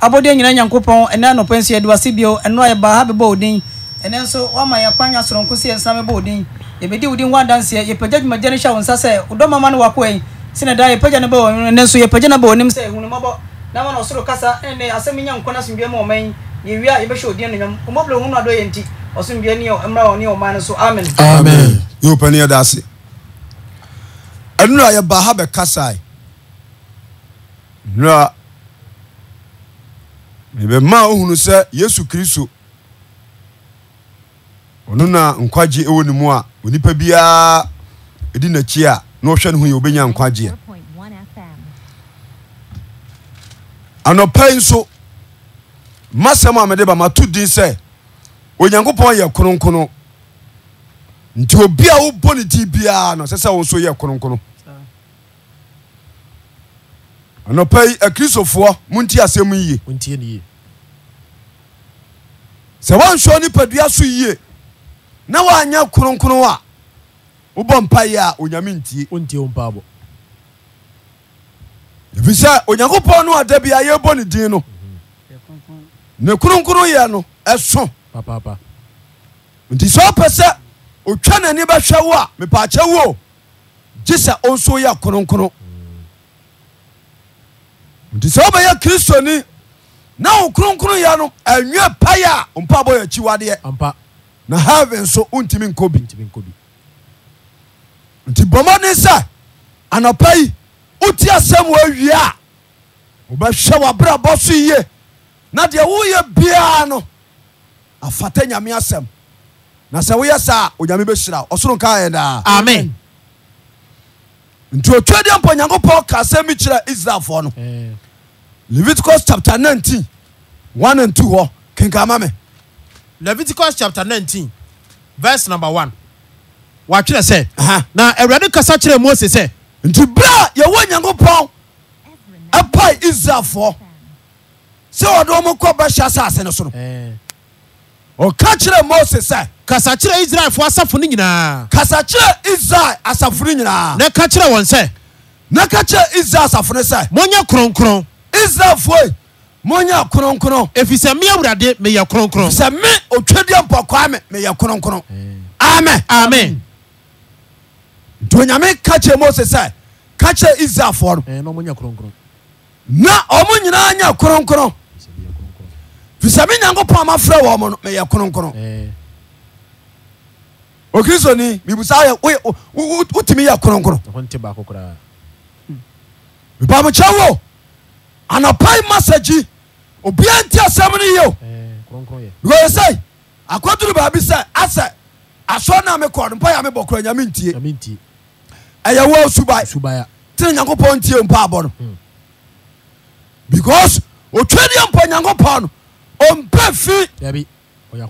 abɔdeɛ nyina nyankopɔn ɛnɛ anɔpɛ nso yɛde wase bio ɛno a yɛbaa ha bɛbɔ odin ɛnɛ nso woama yɛkwan nya soronko sɛ yɛnsena bɛbɔ odin yɛbɛdi wodin ho adanseɛ yɛpagya dwumagya no hyɛ wo nsa sɛ wodɔ mama no wakoa yi sɛne daa yɛpagya no bɛwɔ ɛnɛ nso yɛpagya no bɛwɔ nim sɛ hunumɔbɔ na ma na ɔsoro kasa ɛnɛ asɛm nya nkɔ no asomdwa mu ɔman yɛwie a yɛbɛhyɛ odin no nwam ɔmɔbrɛ hu no adɔ yɛ nti ɔsomdwa ne mmra wɔ ne ɔman no so amen amen yɛwopani yɛda ase yɛbaa ha bɛkasae nra mebɛmaa ohunu sɛ yesu kristo ɔno na nkwagye ɛwɔ ne mu a onipa biara ɛdi n'akyi a na ɔhwɛ ne ho yɛ wobɛnya nkwagyeɛ anɔpa yi nso masɛm a mede ba mato din sɛ onyankopɔn yɛ kronkrono nti obi a wobɔ ne ti biara no sɛ sɛ wo nso yɛ kronkrono anɔpa yi akristofoɔ montie asɛm yie sɛ woanhwɛ nipadua so yie na woanyɛ kronkrono a wobɔ mpayɛ a onyame ntie ɛfiri sɛ onyankopɔn no ada bia yɛbɔ ne din no ne kronkrono yɛ no ɛso nti sɛ wopɛ sɛ otwa n'ani bɛhwɛ wo a mepaakyɛ woo gye sɛ ɔnso yɛ kronkrono nti sɛ wobɛyɛ kristoni na wo kronkronyɛ no anwia paya a ompa bɔ yɛ akyiwadeɛ na heaven so wontimi nkɔ bi nti bɔmmɔden sɛ anɔpa yi woti asɛm wɔawie a wobɛhwɛ w'abrabɔ so yie na deɛ woyɛ biara no afata nyame asɛm na sɛ woyɛ saa onyame bɛhyira ɔsoro nka yɛ daa amen nti otwa deɛ mpa onyankopɔn ka asɛm bi kyerɛ israelfoɔ no leviticus chapter nineteen, one and two. hɔ kinkamame. leviticus chapter nineteen, verse number one. wɔatwerɛ sɛ na awurade kasa kyerɛɛ mose sɛ nti berɛ a yɛwɔ nyankopɔn ɛpae israelfoɔ sɛ wɔde ɔmo kɔ bɛhyɛ asase no so no eh. ɔka kyerɛ mose sɛ kasa kyerɛ israelfoɔ asafo no nyinaa kasa kyerɛ israel asafo no nyinaa na ka kyerɛ wɔn sɛ na ka kyerɛ israel asafo no sɛ monyɛ kronkron israelfoɔ yi monyɛ kronkron ɛfiri sɛ me awurade meyɛ kronkron sɛ me otwadeɛ mpɔkwaa me meyɛ kronkron amen amen nti onyame ka kyerɛ mose sɛ ka kyerɛ israelfoɔ no na ɔmo nyinaa nyɛ kronkron firi sɛ me nyankopɔn amafrɛ wɔ mo no meyɛ kronkron okristoni mibusa wotumi yɛ kronkron bibamokyɛ wo anapai masagi obia nti asɛm no yeo bcause sɛ akwaduru baabi sɛ asɛ asɔ no a mekɔ no mpa yɛ mebɔ kora nyame ntie ɛyɛ wo subae tene nyankopɔn ntie mpaabɔ no hmm. because otwadeɛ mpa nyankopɔn no ɔmpɛ fi ɔyɛ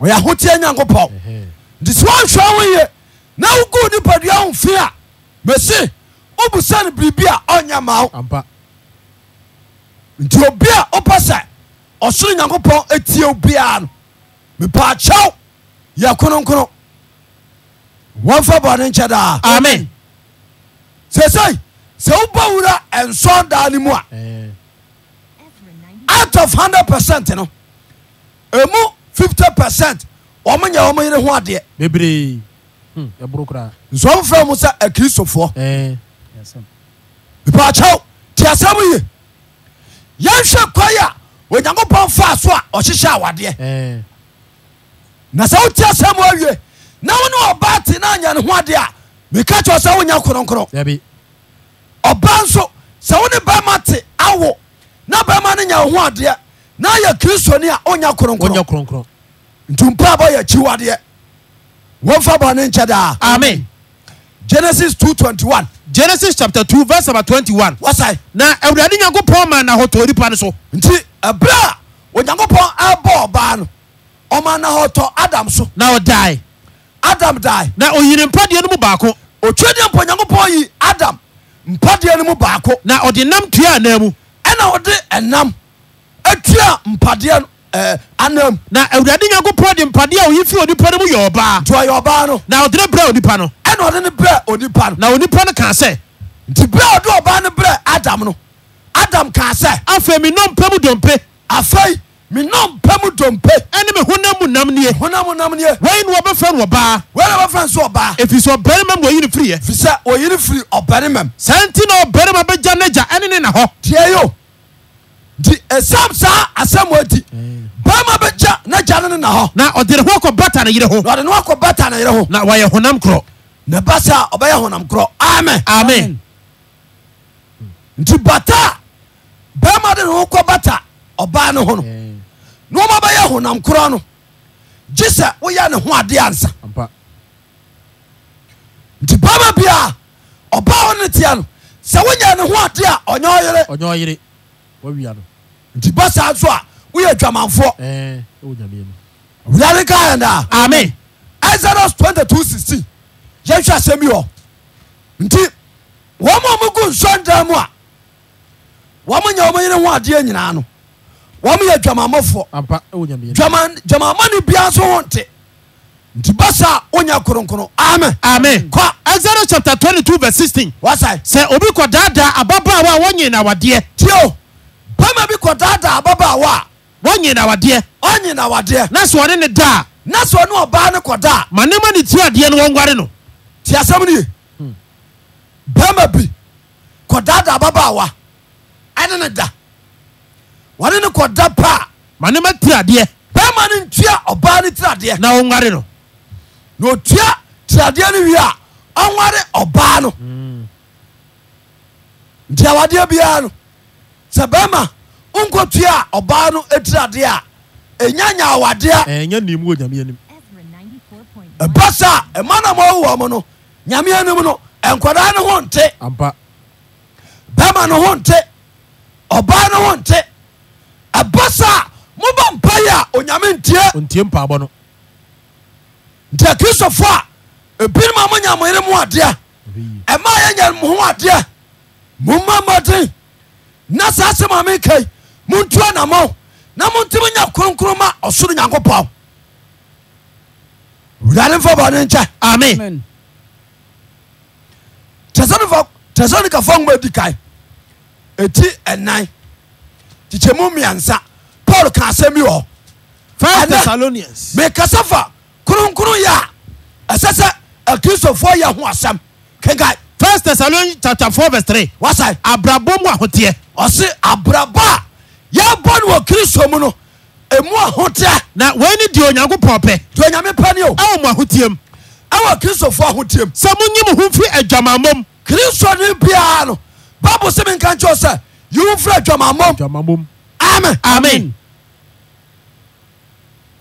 ahotie nyankopɔn nti sɛ woanhwɛ ho ye na woguu nipadua ho fi a mɛse wobusane biribi a ɔnyɛ ma wo nti obi a wopɛ sɛ ɔsoro nyankopɔn atiew biara no mepaakyɛw yɛ kronkrono wɔmfa bɔne nkyɛ daa amen seesei sɛ wobɔ wura ɛnsɔn daa no mu a out of 100 percent no ɛmu 50 percent ɔmonyɛ wɔmo yere ho adeɛ bebree hmm, nsɔmfrɛ mu sɛ akristofoɔ mepaakyɛw te asɛm ye yɛnhwɛ kwae a onyankopɔn faa so a ɔhyehyɛ awadeɛ na sɛ wotia sɛm awie na wo ne ɔba te na anyɛ ne ho adeɛ a meka kyɛw sɛ wonya kronkron ɔba nso sɛ wo ne bɛma te awo na bɛma no nya wo ho adeɛ na yɛ kristoni a wonya kronkron nti mpa bɔ yɛ akyiwadeɛ wɔmfa bɔne nkyɛ daa amen genesis 2:21. genesis chapter two verse number twenty one. wasaɛ. na awurade nyankopɔn ma na hɔ tɔ nipa no so. nti ɛbila onyankopɔn ɛbɔ ɔbaa no ɔma na hɔ tɔ adam so. na ɔdae. adam dae. na oyini mpadeɛ no mu baako. otwedeɛ mpa onyankopɔn yi adam mpadeɛ no mu baako. na ɔde nam tua anan mu. ɛna ɔde ɛnam atua mpadeɛ no Eh, anam. na awurade nyankopɔn de mpadeɛ a oyi fi onipa no mu yɛ ɔbaa. To ɔyɛ ɔbaa no. na ɔde ne brɛ onipa no. ɛna ɔde ne brɛ onipa no. na onipa no kaa sɛ. nti brɛ ɔde ɔbaa no brɛ adam no adam kaa sɛ. afei mi nɔ mpɛ mu dompe. afei mi nɔ mpɛ mu dompe. ɛni mi honam mu nam nie. honam mu nam nie. wɔyi ni wɔbɛfɛ no ɔbaa. wɔyi ni wɔbɛfɛ nso ɔbaa. efisɛ ɔbɛrima mu oyi ni firi yɛ. fisɛ oyi ni firi ɔbɛrima mu. saa nti na ɔbɛrima bɛ gya ne gya ɛni ne na hɔ. tiɛ yo nti esam saa asam wa di. Mm bɛrima bɛgya na gya ne hmm. no na hɔ na ɔde ne ho akɔ bata ne yere ho na ɔde ne ho akɔ bata ne yere ho na wɔyɛ honam korɔ na ba sa ɔbɛyɛ honam korɔ amen amen nti bata bama bɛrima de ne ho kɔ bata ɔbaa ne ho no na ɔma bɛyɛ honam korɔ no gye sɛ woyɛ ne ho adeɛ ansa nti bɛrima bia ɔbaa ho ne teɛ no sɛ wonya ne ho adeɛ a ɔnyɛ ɔyere nti ba nso a woyɛ adwamanfoɔ wurade ka yɛndaa ame exodus 22 16 yɛhwɛ asɛm bi hɔ nti wɔma mogu nsɔndan mu a wɔmo nya wɔmɔyene ho adeɛ nyinaa no wɔmoyɛ dwamammɔfoɔ dwamamma no biara nso ho nte nti basa wonya kronkron amen amen kɔ exodus chapter 22 verse 16 wasae sɛ obi kɔdaadaa ababaawa a wɔnye nawadeɛ tio bɛma bi kɔdaadaa ababaawa a wɔnye nawadeɛ ɔnye nawadeɛ na sɛ ɔne ne daa na sɛ ɔne ɔbaa no kɔdaa ma nema ne tiri adeɛ no wɔnware no nti asɛm no ye hmm. bɛrima bi kɔdaadaa babaawa ɛne ne da wɔne ne kɔda paa ma nema tiri adeɛ bɛrima no ntua ɔbaa no tiri adeɛ na wɔnware no na ɔtua tiri adeɛ no wie a ɔnware ɔbaa no hmm. nti awadeɛ biara no sɛ bɛrima wonkɔtua a ɔbaa no tiradeɛ a ɛnya nya awadeɛ ɛnyɛ nim wɔ nyame anim ɛba sa a ɛma na mawowɔ mo no nyame anim no ɛnkwadaa no ho nte ampa bɛma no ho nte ɔbaa no ho nte ɛba sa a mobɔ mpa yi a onyame ntie ontie mpaabɔ no nti akristofoɔ a ebinom a mo yere mo adeɛ ɛma yɛnya mo ho adeɛ momma mmɔden na saa sɛ ma mekai montu anama na montimi nya kronkro ma ɔsoro nyankopɔn wurade mfa bɔne nkyɛ amen tesalonikafoɔ nwoma di kae ɛti ɛnan kyikyɛmu mmiɛnsa paul ka asɛm bi wɔ mekasa fa kronkron yɛ a ɛsɛ sɛ akristofoɔ yɛ ho asɛm kenkae first thessalonians chapter four verse three. wasa abrabɔ mu ahoteɛ. ɔsi abrabɔ a yɛbɔ no wɔ kristo mu no ɛmu ahoteɛ na wɔini deɛ onyankopɔn pɛ deɛ onyame pɛ ne o ɛwɔ mo ahotiam ɛwɔ kristofoɔ ahotiam sɛ monyi mo ho mfiri adwamammɔm kristo ne biara no bible sɛ menka nkyɛw sɛ yiwo mfiri adwamammɔm amen amen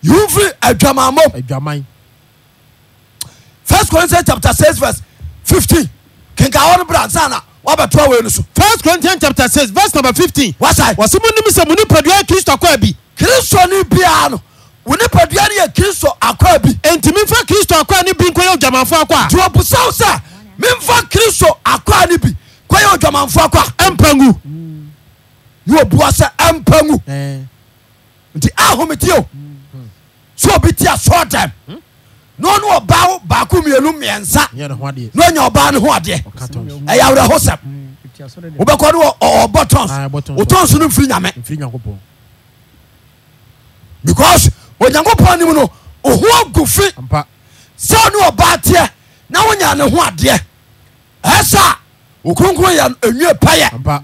yiwo mfiri adwamammɔm adwaman first corinthians chapter six, verse 15 kenka hɔ no bra wabɛto awei no so. first corinthians chapter six verse number fifteen. wasa. wasi mu ni sɛ mu ni pɛduya kristo akɔ bi. kristo ni biara no wo ni pɛduya ni yɛ kristo akɔ bi. ntumi nfa kristo akɔ ni bi nkɔyɛ ojamafo akɔ a. tí o busaw sɛ mi nfa kristo akɔ ni bi kɔyɛ ojamafo akɔ a. ɛmpangu. yi o buwa sɛ ɛmpangu. nti ahomitiyo so obi ti a sɔɔ dɛm. Hmm? na ɔne ɔba baako mmienu mmiɛnsa na ɔnya ɔbaa no ho adeɛ ɛyɛ awerɛho sɛm mm, wobɛkɔ no ɔbɔ tons wotons no mfiri nyame because onyankopɔn nim no ɔho agu fi sɛ ɔne ɔbaa teɛ na wonya ne ho adeɛ ɛsɛ a okronkron yɛ ɛnwie pɛyɛ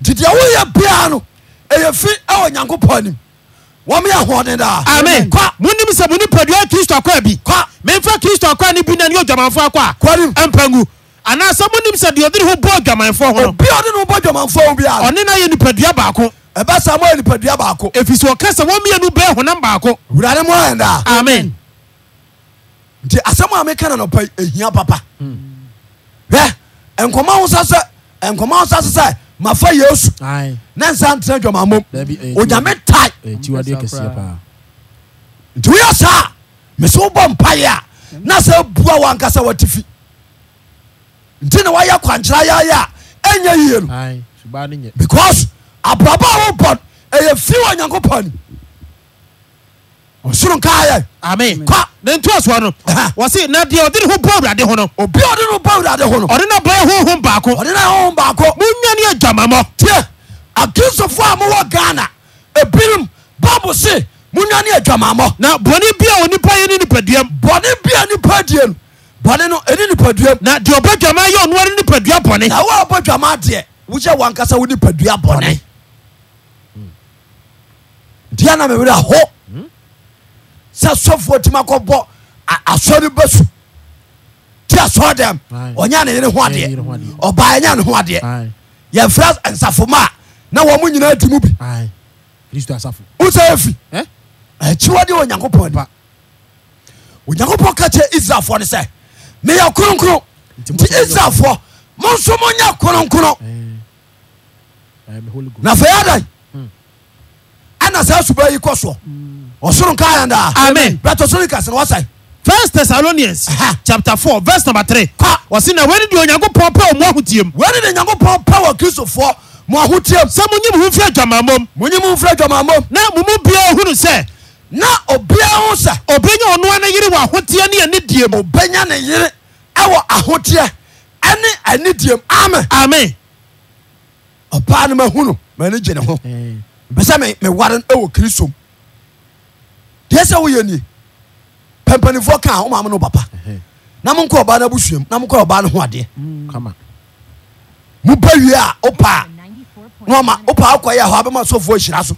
nti deɛ woyɛ biara no ɛyɛ fi ɛwɔ nyankopɔn anim wọ́n mi yà hɔn da. ami kɔ mun ni sɛ mun ni pɛduya kristu akɔ bi. kɔ mɛ nfa kristu akɔ ni bi naani yɛ jamanfo akɔ a. kɔri ɛnpɛngu anaasɛ mun ni sɛ deɛ ɔdi ni ho obi a ɔdi ni ho bɔ jamanfo bi a. ɔne na yɛ nipadua baako. ɛbɛ hmm. sá mo yɛ nipadua baako. efisɛ ɔkasa wɔn mienu bɛɛ honam baako. wulade mo yɛn da. amen. nti asɛm a mi kan na nɔpɛ ehia papa. hɛ nkɔmɔ ahosuo sɛ nkɔmɔ ahosuo mafa yesu ne nsa ntena dwamamom onyame tae nti woyɛ saa mese wobɔ mpaeɛ a na sɛ bua wankasa watefi nti na wayɛ kwankyerɛ yɛyɛ a ɛnyɛ yie no because abraba a wobɔ ɛyɛ fi wɔ nyankopɔn ni ɔsoro nkayɛ ame kɔ ne ntoasoɔ no wɔse na deɛ ɔde ne ho bɔ awurade ho no obi ɔde no bɔ awurade ho no ɔde no bɛyɛ honhom baako ɔde no honhom baako monya ne adwamammɔ tiɛ akristofoɔ a mowɔ ghana ebinom bible se monya ne adwamammɔ na bɔne bi a onipa yɛ ne nipaduam bɔne bi a nipa die no bɔne no ɛne nipaduam na deɛ ɔbɔ dwama yɛ ɔnoa ne nipadua bɔne na wo a ɔbɔ dwama deɛ woyɛ wankasa wo nipadua bɔne deɛ na mewerɛ hɔ sɛ sɔfoɔ timi akɔbɔ asɔre ba su ti asɔre dɛm ɔnya ne yere ho adeɛ ɔbaa nya ne ho adeɛ yɛmfrɛ nsafoma a na wɔn mo nyinaa di mu bi wosɛ ɛfi akyiwadeɛ onyankopɔn ni onyankopɔn ka kyerɛ israelfoɔ no sɛ meyɛ kronkron nti israelfoɔ monso monyɛ kronkron na afei adan hmm. ana saa suba yi kɔ soɔ hmm ɔsoro nka yɛn daa amen bɛtɔ sori kasa wɔsɛ. first thessalonians chapter four verse number three. kwa wɔsi na wɛni di onyankopɔn pɛ ɔmo ahotiem. wɛni di onyankopɔn pɛ wɔ kristofoɔ mo ahotiem. sɛ mo nyi mo ho fira jɔnmaamom. mo nyi mo ho fira jɔnmaamom. na mo mu bia ohunu sɛ. na obiara ho sɛ. obenya ɔnoa ne yere wɔ ahoteɛ ne ani die mu. obenya ne yiri. ɛwɔ ahoteɛ ɛne ani die mu amen. amen. ɔbaa no ma hunu ma ani gye ho. bɛsɛ mi mi wari ɛwɔ kristo deɛ sɛ woyɛ ni pɛmpanifoɔ ka wo maame no papa na monkɔ ɔbaa no abusuam na monkɔ ɔbaa no ho adeɛ mm. mopa wie a wopaa na ɔma wopaa wokɔyɛ hɔ abɛma sɔfoɔ ahyira so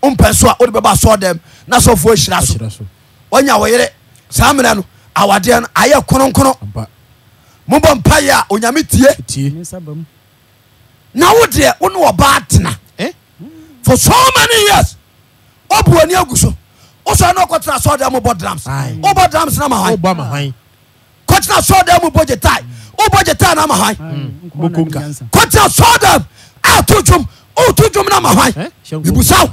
wompɛ so a wode bɛba sɔ dɛm na sɔfoɔ ahyira so wanya wo yere saa mmerɛ no awadeɛ no ayɛ kronkrono mobɔ mpayɛ a onyame tie na wo deɛ wo ne wɔbaa tena for so many years wobu ani agu so wosɔ ne ɔkɔtena sɔɔdɛ mu bɔ drums wobɔ drums na ma hwan kɔtena sɔɔdɛ mu bɔ gyetaa wobɔ gyetaa na ma hwan kɔtena sɔɔdɛ ato dwom woto dwom na ma hwan bibusaw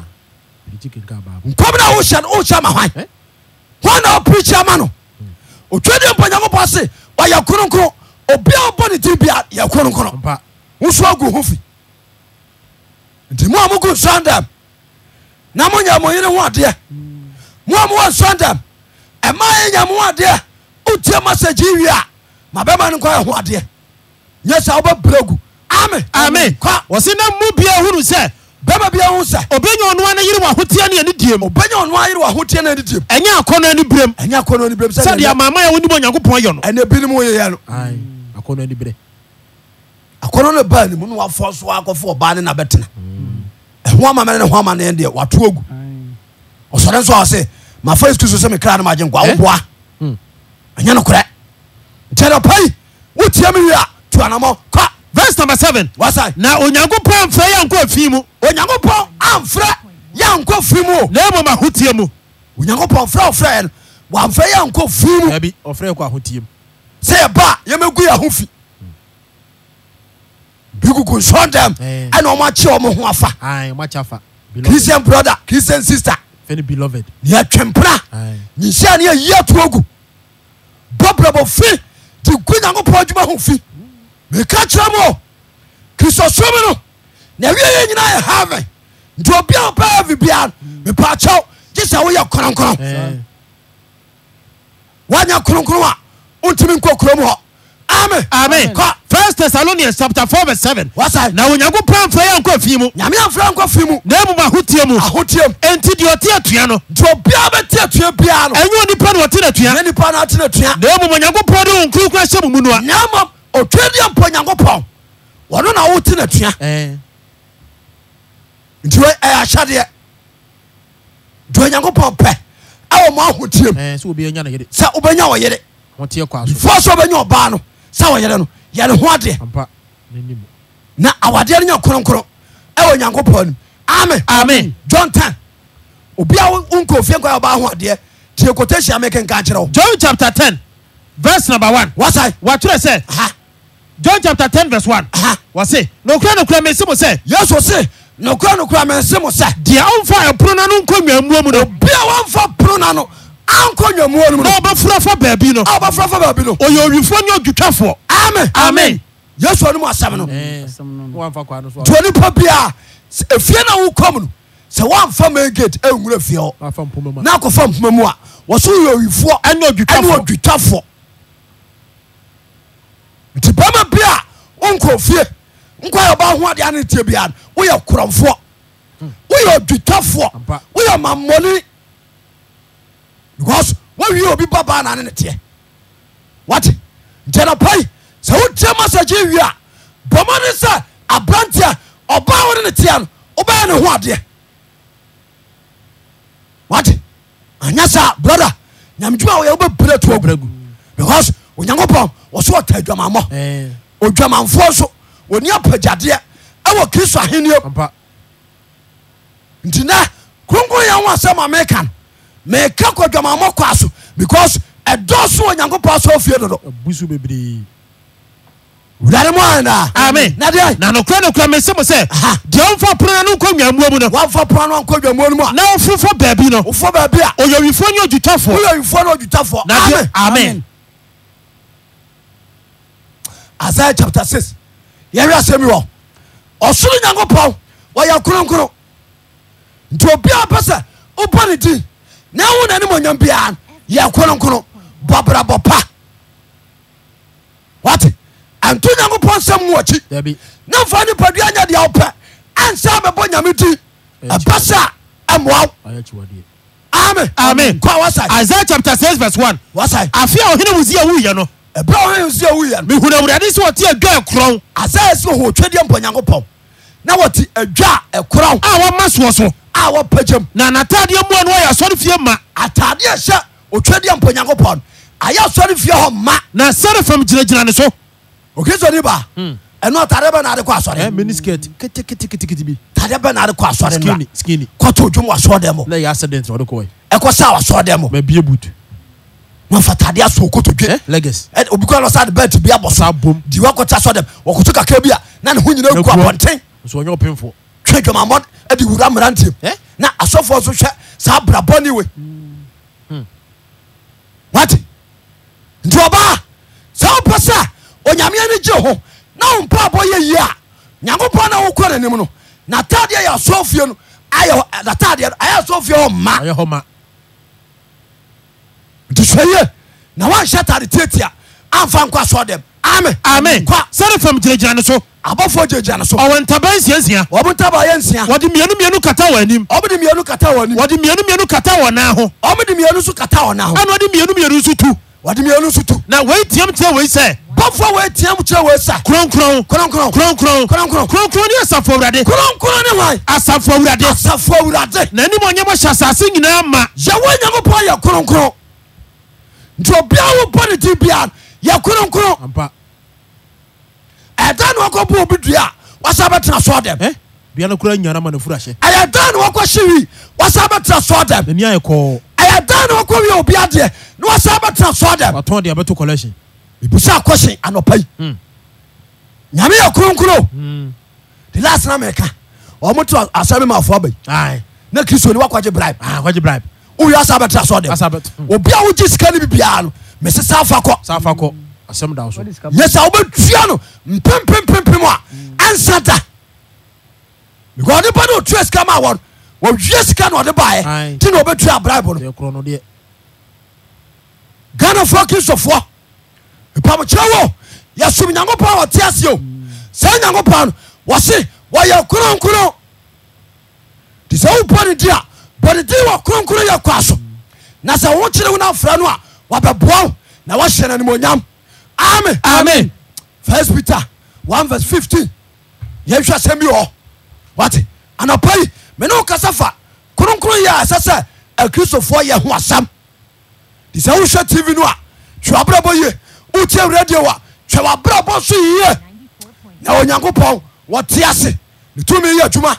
nkɔm na wohyɛ no wohyɛ ma hwan hwan na ɔpirikyia ma no otwadi mpa nyankopɔn se ɔyɛ kronkron obia ɔbɔ ne din bia yɛ kronkron woso agu ho fi nti mo a mogu sɔndɛm na monyɛ mo yere ho adeɛ moa mowɔ sundam ɛma yɛ nyamoa adeɛ wotie masagye wie a mabɛma no nkɔ ɛho adeɛ nyɛ sɛ wobɛbrɛ gu ame wɔse na mu bia hunu sɛ bɛma bia hu sɛ obɛnya ɔnoa no yere wahoteɛ ne ɛne diem obɛnya ɔnoa yere wahoteɛ ne ɛne diem ɛnyɛ akɔnnɔ ne brɛm ɛnyɛ akɔnnɔ ne brɛm sɛdeɛ amaama yɛ wonim onyankopɔn yɛ no ɛnɛ binom woyɛyɛ no akɔnnɔ ne brɛ akɔnnɔ no baa wa ne wafa so akɔfa ɔbaa ne nabɛtena ɛho ama mɛ ne ho ama ne ɛn deɛ wato agu ɔsɔre nso a mafa yesu kristo sɛ mekra no magye nkwa eh? woboa hmm. ɛnyɛ no korɛ ntiɛda pai wotia me wie a tuanamɔ kɔ verse number seven wasa na onyankopɔn amfrɛ yɛ nkɔ mu onyankopɔn amfrɛ yɛ nkɔ mu na mmom ahotie mu onyankopɔn frɛ ɔfrɛɛ no wamfrɛ yɛ nkɔ mu dabi ahotie mu sɛ yɛba a yɛmɛgu yɛ ho fi bi gugu eh. ɛna ɔmo ɔmo ho afa christian brother christian sister beloved, neɛtwempera nyinsia ne yɛyi atuo gu bɔbrɛbɔ fi de gu nyankopɔn adwuma ho fi meka kyerɛ mo kristosom no na awie yɛ nyinaa yɛ have nti obia paa bibia mepaakyɛw gye sɛ woyɛ kronkron woanyɛ kronkron a wontimi nkɔ kurom hɔ ame ame kɔ first thessalonians chapter four verse seven. wasa. na onyankopɔn anfra yɛ nkɔ fi mu. nyame anfra nkɔ fi mu. na emu ma ahotie mu. ahotie mu. enti deɛ ɔte atua no. deɛ obiara bɛ te atua biara no. ɛnyɛ onipa na ɔte n'atua. ɛnyɛ nipa na ɔte n'atua. na emu ma onyankopɔn de wɔn kurukuru ahyɛ mu mu nua. nyama otwe deɛ mpɔ onyankopɔn wɔno na wote n'atua. nti ɛyɛ ahyɛdeɛ deɛ onyankopɔn pɛ ɛwɔ mo ahotie mu. sɛ wobɛnya wɔ yere. fɔ so wobɛnya ɔbaa no sɛ wɔ yere no yɛne ho adeɛ na awadeɛ no nya kronkron ɛwɔ nyankopɔn nim amen amen john ten, obia wonkɔ fie nkɔ yɛwɔbaa ho adeɛ tie kotahyia me kenka kyerɛ wo john chapter ten, verse number one. wasae wɔatwerɛ sɛ john chapter ten, verse one. wɔse nokora nokora mese mo sɛ yesu se nokora nokora mense mo sɛ deɛ ɔmfa ɛpono no no nkɔ nwamuo mu no obia wɔmfa pono no no ankɔ nwamuo no mu na ɔbɛforo fa baabi no a baabi no ɔyɛ owifoɔ ne odwitwafoɔ amen amen yesu ɔno mu asɛm no nti onipa bia efie na wokɔ mu no sɛ woamfa main gate ɛnwura fie hɔ na akɔfa mpoma mu a wɔso yɛ owifoɔ ɛne odwitafoɔ nti bɛma bi a wonkɔ fie nkɔ yɛ ɔba ho ade ane tie bia no woyɛ korɔmfoɔ woyɛ odwitafoɔ woyɛ mammɔne because wowie obi babaa nane ne teɛ wate nti ɛnapai wone sɛ abrantia ɔba wone ne tea no wobɛyɛ ne ho adeɛ wate anyɛ saa brother nyamedwuma wɔyɛ wobɛbrɛ to ɔbragu because onyankopɔn wɔso ɔta adwamammɔ odwamanfoɔ so wɔni apagyadeɛ ɛwɔ kristo ahennio nti nɛ kronkron yɛ ho asɛm a meka no meka kɔ adwamammɔ kɔa so because ɛdɔ so wɔ nyankopɔn asɔ fie dodo wúdàdé mu àná. ami nadeɛ. na nukura nukura mi sɛ mo sɛ. nfa pono na nkɔ nyamuo mu no. wafa pono na nkɔ nyamuo mu a. na ofurufo baabi no. ofurufo baabi a. oyawifo ni ojutafo. oyawifo ni ojutafo. nadeɛ amen. Isaiah chapter six yɛhwɛ asɛm wɔ ɔsoro nyankopɔn wɔyɛ kronkron nti obiaa pɛ sɛ wobɔ ne din na anim onyam biara yɛ kronkron bɔbrabɔ pa wate anto nyankopɔn sɛm muakyi ne mfa nipadua nya deɛ wopɛ ansa mɛbɔ nyame din ɛbɛ sɛ amoaw isaia chapter 6 vs 1 wasa afe a ɔhene wosia wuyɛ no ɛberɛ ɔhene wosia wuyɛ no mehunu awurade sɛ wɔte adwa ɛkorɔn asaia sɛ ɔhɔ twɛdeɛ mpɔ nyankopɔn na wɔte adwa ɛkorɔn a wɔma soɔ so a wɔpɛgyam na natadeɛ mua no wɔyɛ asɔre fie ma atadeɛ hyɛ ɔtwɛdeɛ mpɔ nyankopɔn ayɛ asɔre fie hɔ ma na sɛrefam gyinagyina ne so okristo hmm. ni ba ɛnu ɔtade bɛ n'ade kɔ asɔre. ɛɛ eh, mini skirt kete kete kete kete bi. tade bɛ n'ade kɔ asɔre nura skinny skinny. kɔtɔ ojum wa sɔ dɛm ne y'a accident ɔde kɔ ye. ɛkɔ sa wa sɔ dɛm o. mɛ biye butu. wọn fa tade aso koto gbe. ɛ eh, legacy. ɛ eh, obi kɔ lɔsa de bɛɛti bi abɔ. sa bom. diwa kɔ ta sɔ dɛm wɔkoto kakɛ bi a na ni hu nyina egu abɔnten. nsɔnyɔ pinfo. twɛ jɔnmamɔ ɛdi wura mmeranteɛ. ɛ na asɔfo so hwɛ saa abrabɔ ni we. Hmm. Hmm. wati nti ɔbaa sɛ ɔpɛ sɛ onyameɛ no gye ho na wompaabɔ yɛ yie a nyankopɔn na wokɔ nanim no natadeɛ yɛ asɔfie no ayɛatadeɛ eh, ayɛ asɔfie hɔ ma nti hwɛ yie na woanhyɛ tade tietia amfa nkɔ asɔ dɛm ame ame kwa sɛrefam gyinagyina ne so abɔfoɔ gyinagyina ne so ɔwɔ ntaba nsiansia ɔmo ntaba yɛ nsia wɔde mmienu mmienu kata wɔ anim ɔmo de mmienu kata wɔ anim wɔde mmienu mmienu kata wɔ nan ho ɔmo de mmienu nso kata wɔ nan ho ɛna ɔde mmienu mmienu nso tu wɔde mmienu so na wei tiam tiɛ wei sɛ. bɔfra wei tiam tiɛ wei sa. kronkron. kronkron. kronkron. kronkron. kronkron ni asafo awurade. kronkron ni wɔn. asafo awurade. asafo awurade. na anim ɔnyɛ bɔ hyɛ asase nyinaa ma. yawo nyankopɔ yɛ kronkron nti obiara wo bɔ ne ti bia yɛ kronkron. ɛda na wɔkɔ bɔ obi dua wasa bɛtena so dɛm. dua no kura nyara ma ne furu ahyɛ. ɛyɛ da na wɔkɔ hyewi wasa bɛtena so dɛm. n'ani ɛda na wɔkɔ wie obi adeɛ na wɔsan bɛtena sɔɔ dɛm watɔn deɛ abɛto collection ibusa akɔhye anɔpa yi nyame yɛ kronkro de last na mɛka ɔmo te asɛm ma afoɔ abayi na kristo ni wakɔgye bribe akɔgye ah, bribe wowie asa bɛtena sɔɔ dɛm obi a wogye sika no bibiaa no mese saa kɔ saa kɔ asɛm da so yɛ sa wobɛtua no mpempempempem a hmm. ansa da because nipa ne otua sika ma awɔ wɔwie sika na ɔde baɛ ti na wɔbɛtua abrabɔ no ghanafoɔ kristofoɔ mpamokyerɛ wo yɛsom nyankopɔn a wɔte ase o saa nyankopɔn no wɔse wɔyɛ kronkron nti sɛ wopɔ ne di a bɔne di wɔ kronkron yɛ kɔa so na sɛ wo kyerɛ wo no afra no a wɔbɛboa wo na wɔhyɛ no animonyam amen amen first peter 1 verse 15 yɛhwɛ asɛm bi wɔ hɔ wate anapa yi mene wokasa fa kronkron yɛ ɛsɛ sɛ akristofoɔ yɛ ho asɛm nti sɛ wohwɛ tv no a twɛ wabrabɔ ye wotie radio a twɛ wabrabɔ so yiye na onyankopɔn wɔte ase ne tumi yɛ adwuma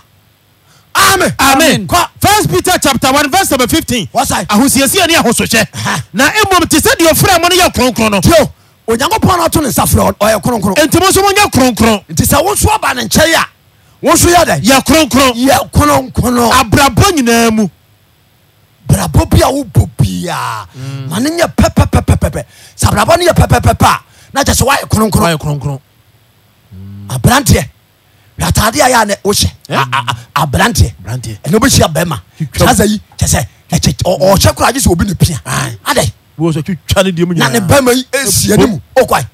amen amen kɔ first peter chapter one verse number fifteen wasaɛ ahosiesie ne ahosohyɛ na mmom te sɛ deɛ ɔfrɛ mo no yɛ kronkron no tio onyankopɔn no ɔto ne nsa frɛ ɔyɛ kronkron enti mo nso monyɛ kronkron nti sɛ wo nso aba ne nkyɛe a wo so yɛ dɛ yɛ kronkron yɛ kronkron abrabɔ nyinaa mu brabɔ bi a wobɔ biaa mm. ma ne nyɛ pɛpɛpɛpɛpɛ sɛ abrabɔ no yɛ pɛpɛpɛpɛ a na kyɛ sɛ woayɛ kronkron kronkron mm. abranteɛ atadeɛ ayɛ ne wohyɛ eh? abranteɛ ɛne wobɛhyia bɛma sasa yi kyɛ sɛ ɔhyɛ kora gye sɛ obi ne pia adɛ na ne bɛma yi ɛsia ne mu ɔkwae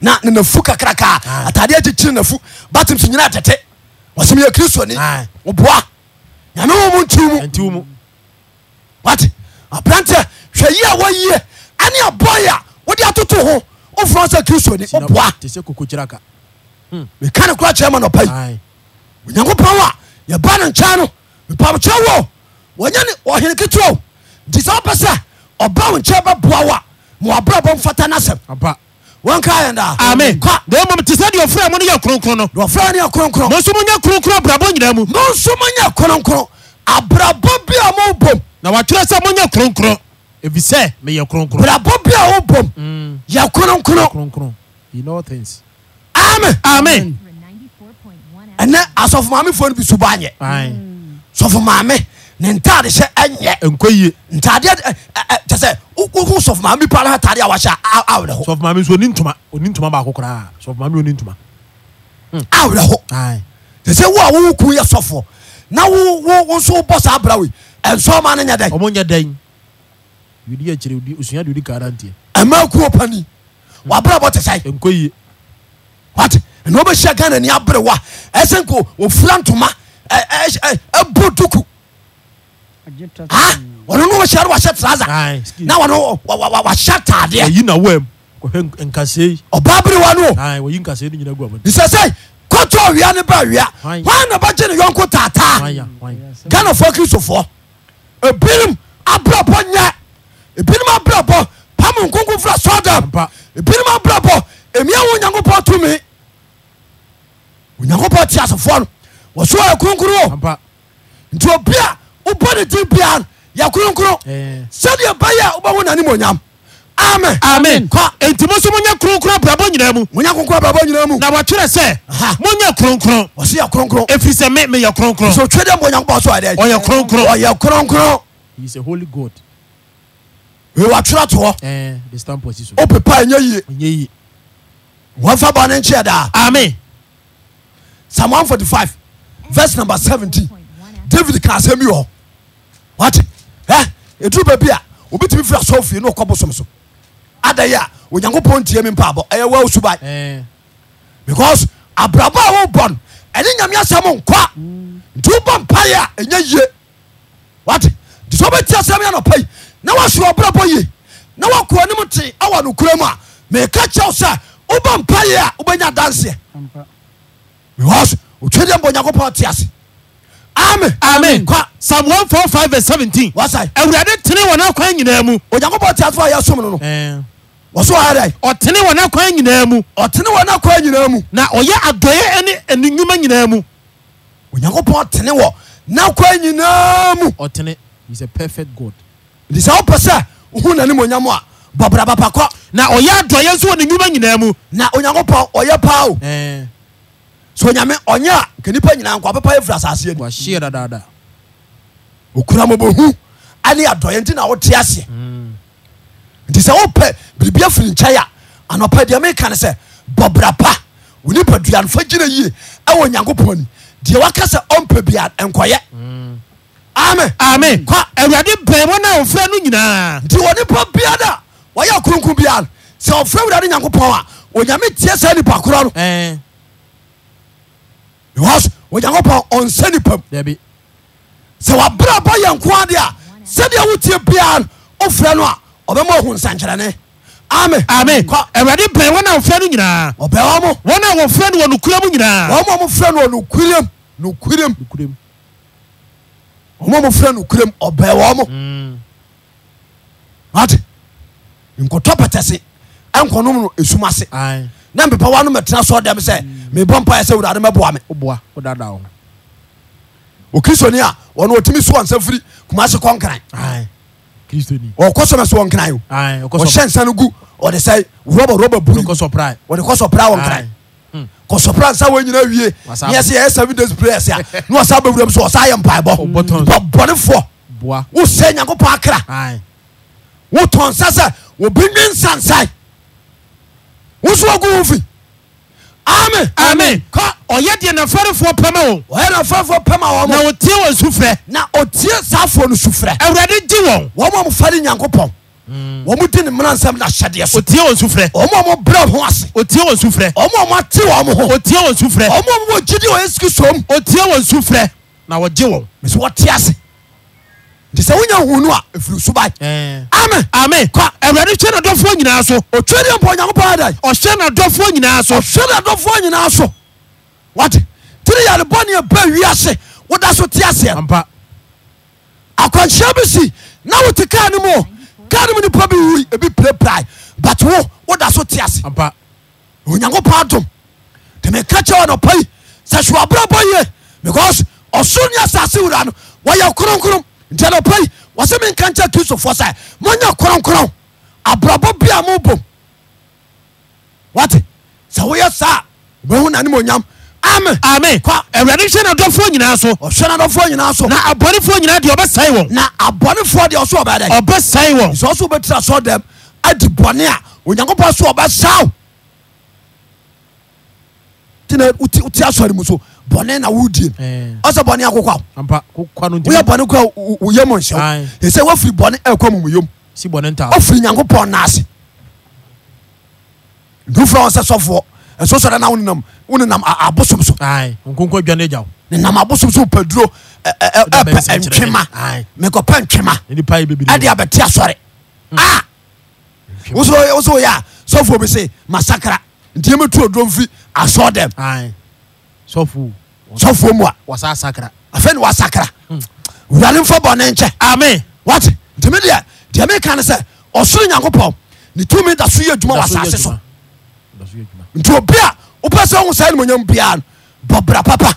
na nanafu kakraka ah. atade akyekyi nanafu batim so nyina tete wɔsɛm yɛ kristoni woboa ah. nyame wo mu ntiw mu wate aberantɛ hwɛ yi a wɔyie ane abɔyɛ a wode atoto ho wofrɔ sɛ kristoni woboa hmm. meka ne kora kyerɛ ma nɔpa yi onyankopɔn a yɛba no nkyɛn no mepamokyerɛ wo wɔnyɛ ne ɔhene ketewa nti sɛ wopɛ sɛ ɔba wo nkyɛn bɛboa wo a ma wabrabɔ mfata no asɛm ame na mmom te sɛ deɛ ɔfrɛ mo no yɛ kronkron no ɔfrɛ no yɛ kronkron mo nso monyɛ kronkron abrabɔ nyinaa mu mo nso monyɛ kronkron abrabɔ bi a mobom na wɔatwerɛ sɛ monyɛ kronkron ɛfisɛ meyɛ kronkron brabɔ bi a wobom yɛ kronkron ame ame ɛnɛ asɔfo maame fo no bi subanyɛ sɔfo maame ne ntade hyɛ ɛnyɛ nkɔyie ntadeɛ kyɛ sɛ wohu sɔfomaame pa no atade a wahyɛ awerɛ ho sɔfomaame nso ɔni ntoma ɔni ntoma baako koraa sɔfomaame ɔni ntoma hmm. awerɛ ho sɛ sɛ wo a wo ku yɛ sɔfoɔ na wo nso wobɔ saa bra wei ɛnsɔma no nyɛ dɛn ɔmo nyɛ dɛn widi akyire osua de wodi kaa danteɛ ɛma kuo pani hmm. wabrɛ bɔ te sɛe nkɔyie wat ɛna wobɛhyia ghana ni aberewa ɛsɛ nko ɔfura ntoma ɛbɔ duku ɔno no wɔhyɛ no wahyɛ trasa na wɔno wahyɛ taadeɛ na wam kɔhwɛ nkasɛi ɔba bere wa no wɔyi nkasɛi no nyina gu amani sɛ sɛ kɔtɔ owia ne ba awia hwan na bɛgye ne yɔnko taataa ghanafoɔ kristofoɔ ebinom abrabɔ nyɛ ebinom abrabɔ pam nkonko fra sodom ebinom abrabɔ emia wo onyankopɔn tumi onyankopɔn te asefoɔ no wɔso ayɛ kronkron nti obi a wobɔ ne din bia yɛ kronkro sɛdeɛ bɛyɛ wobɛwo nane monyam amen amen kɔ enti mo so monyɛ kronkron brabɔ nyinaa mu monyɛ kronkron brabɔ nyinaa mu na wɔtwerɛ sɛ monyɛ kronkron ɔsɛ yɛ kronkron ɛfiri sɛ me meyɛ kronkron so twɛ dɛ mbɔ nyankopɔn so adɛ ɔyɛ kronkron ɔyɛ kronkron he is a holy god wɔtwerɛ to hɔ eh, wopepa ɛnyɛ yie wɔmfa bɔne nkyeɛ daa amen psalm 145 verse number 17 david ka asɛm bi wɔ wt ɛduru eh, baabi a obɛtumi firi asɔw fie ne ɔkɔ bosom so adayɛ a onyankopɔn ntie mi mpabɔ ɛyɛ wa osuba eh. because abrabɔ a wobɔ no ɛne nyame asɛm nkwa nti wobɔ mpayɛ a ɛnya yie wat nti sɛ wobɛti asɛm yɛ nɔpa yi na woasoro ɔbrabɔ yie na woakɔ anim te awɔ nokura mu a meka kyɛw sɛ wobɔ mpayɛ a wobɛnya danseɛ because otwadeɛ mbɔ onyankopɔn te ase amen amen kwa psalm one four five verse seventeen. wasa yi. awurade tene wɔn akwan nyinaa mu. onyankopɔn ti ato a yɛ som no no. wɔso ha dɛ. ɔtene wɔn akwan nyinaa mu. ɔtene wɔn akwan nyinaa mu. na ɔyɛ adɔyɛ ne ɛnunwuma nyinaa mu. onyankopɔn tene wɔ n'akwan nyinaa mu. ɔtene he is a perfect god. nti sɛ wopɛ sɛ wohu n'anim onyam a bɔbraba pa kɔ. na ɔyɛ adɔyɛ nso wɔ ne nnwuma nyinaa mu. na onyankopɔn ɔyɛ paa o so nyame ɔnyɛ a kanipa nyinaa nkɔ apepa yɛfiri asase ani wahyeɛ dadaada okura mɔbɔhu ane adɔyɛ nti na wote aseɛ nti sɛ wopɛ biribia firi nkyɛe a anɔpa deɛ meka ne sɛ bɔbra pa wo duanfa gyina yie ɛwɔ nyankopɔn ani deɛ waka sɛ ɔmpɛ bia nkɔyɛ amen amen kɔ awurade bɛn wɔn a ofura no nyinaa nti wɔ nipa bia da wɔyɛ kronkron bia sɛ ɔfura awurade nyankopɔn a onyame tie saa nipa korɔ no because onyankopɔn ɔnsɛ nipam sɛ wabrɛ bɔ yɛ nkoa de a sɛdeɛ wotie biaa no ofrɛ no a ɔbɛma ohu nsankyerɛne ame ame awurade bɛn wɔn a wɔfrɛ no nyinaa ɔbɛn wɔn wɔn a wɔfrɛ no wɔ nokura mu nyinaa wɔn a wɔfrɛ no wɔ nokura mu nokura mu wɔn a wɔfrɛ no nokura mu ɔbɛn wɔn wate nkɔtɔ pɛtɛse ɛnkɔnom no esum ase na mpepa wa no mɛtena sɔɔ dɛm sɛ mebɔ mpa sɛ wurade mɛboa me okristoni a ɔno ɔtumi so ɔnsa firi kumase kɔnkran ɔkɔ sɔmɛ so ɔnkran o ɔhyɛ nsa no gu ɔde sɛ rɔba rɔba buru ɔde kɔ sɔpra ɔnkran hmm. kɔsɔpra nsa wɔ nyina wie yɛsɛ yɛyɛ seven days prayers a na ɔsa bɛwuram so ɔsa yɛ mpaebɔ bɔbɔnefoɔ wosɛ nyankopɔn akra wotɔn nsa sɛ obi nwe nsansae wo so wagu wo fi ami ami kɔ ɔyɛ deɛ nafɛrifoɔ pɛmɛ o. ɔyɛ nafɛrifoɔ pɛmɛ wɔn. na o tie wɔn sufrɛ. na o tie saafoɔ no sufrɛ. awurade di wɔn. wɔn mu fari nyanko pɔn. Hmm. wɔn mu di ni mìíràn nsɛm na sɛdeɛ so. o tie wɔn sufrɛ. wɔn mu bɛrɛ ho ase. o tie wɔn sufrɛ. wɔn mu ati wɔn ho. o tie wɔn sufrɛ. wɔn mu wɔ jidi wɔ esiki som. o tie wɔn sufrɛ. na wɔgye wɔn. mɛ nti sɛ wonya hunu a ɛfiri subae eh. amen amen kɔ awurade hwɛ nadɔfoɔ nyinaa so ɔtwɛdeɛ mpa onyankopɔn ada ɔhwɛ nadɔfoɔ nyinaa so ɔhwɛ nadɔfoɔ nyinaa so wate tiri yare bɔne ɛba wiase woda so te aseɛ ampa akwanhyia bi si na wote kar no mu o kar no mu nipa bi wui ebi pirapirai but wo woda so te ase ampa onyankopɔn adom nti meka kyɛ wɔ nɔpa yi sɛ hwewabrabɔ yie because ɔsoro ne asase wura no wɔyɛ kronkron nti anɔpɛyi wɔsɛ menka nkyɛ kristofoɔ sɛ moanya kronkron abrabɔ bia mobom wate sɛ woyɛ saa wobɛhu nane monyam ame ame awurade hwɛ n'adɔfoɔ nyinaa so ɔhwɛ n'adɔfoɔ nyinaa so na abɔnefoɔ nyinaa deɛ ɔbɛsɛe wɔn na abɔnefoɔ deɛ ɔso ɔbɛdɛ ɔbɛsɛe wɔn sɛ ɔso wobɛtira sɔ dɛm adi bɔne a onyankopɔn so ɔbɛsaw nti na wote asɔre mu so bɔne na wodie ɔsɛ bɔne akokwawoyɛ bɔne kora woyam nhyɛ ɛsɛ woafiri bɔne ɛkɔ mumuyom ɔfiri nyankopɔn naase nufra wɔ sɛ sɔfoɔ ɛso sɔrɛ na wonenam wonenam abosom so ne nam abosom so paduro ɛpɛ ntwema mekɔpɛ ntwema ɛde abɛte asɔre hmm. ah! wosɛ woyɛ a sɔfoɔ bi se masakara nti yɛmɛtu oduro mfiri asɔ dɛm sɔfo sɔfo mu a wasa sakra afei ni wasakra hmm. wurade nfa bɔ ne nkyɛ amen wati ntumi deɛ deɛ mi kan sɛ ɔsoro nyankopɔn ne tumi da so yɛ adwuma wɔ asase so nti obi a wopɛ sɛ wohu saa nimonyam biara no papa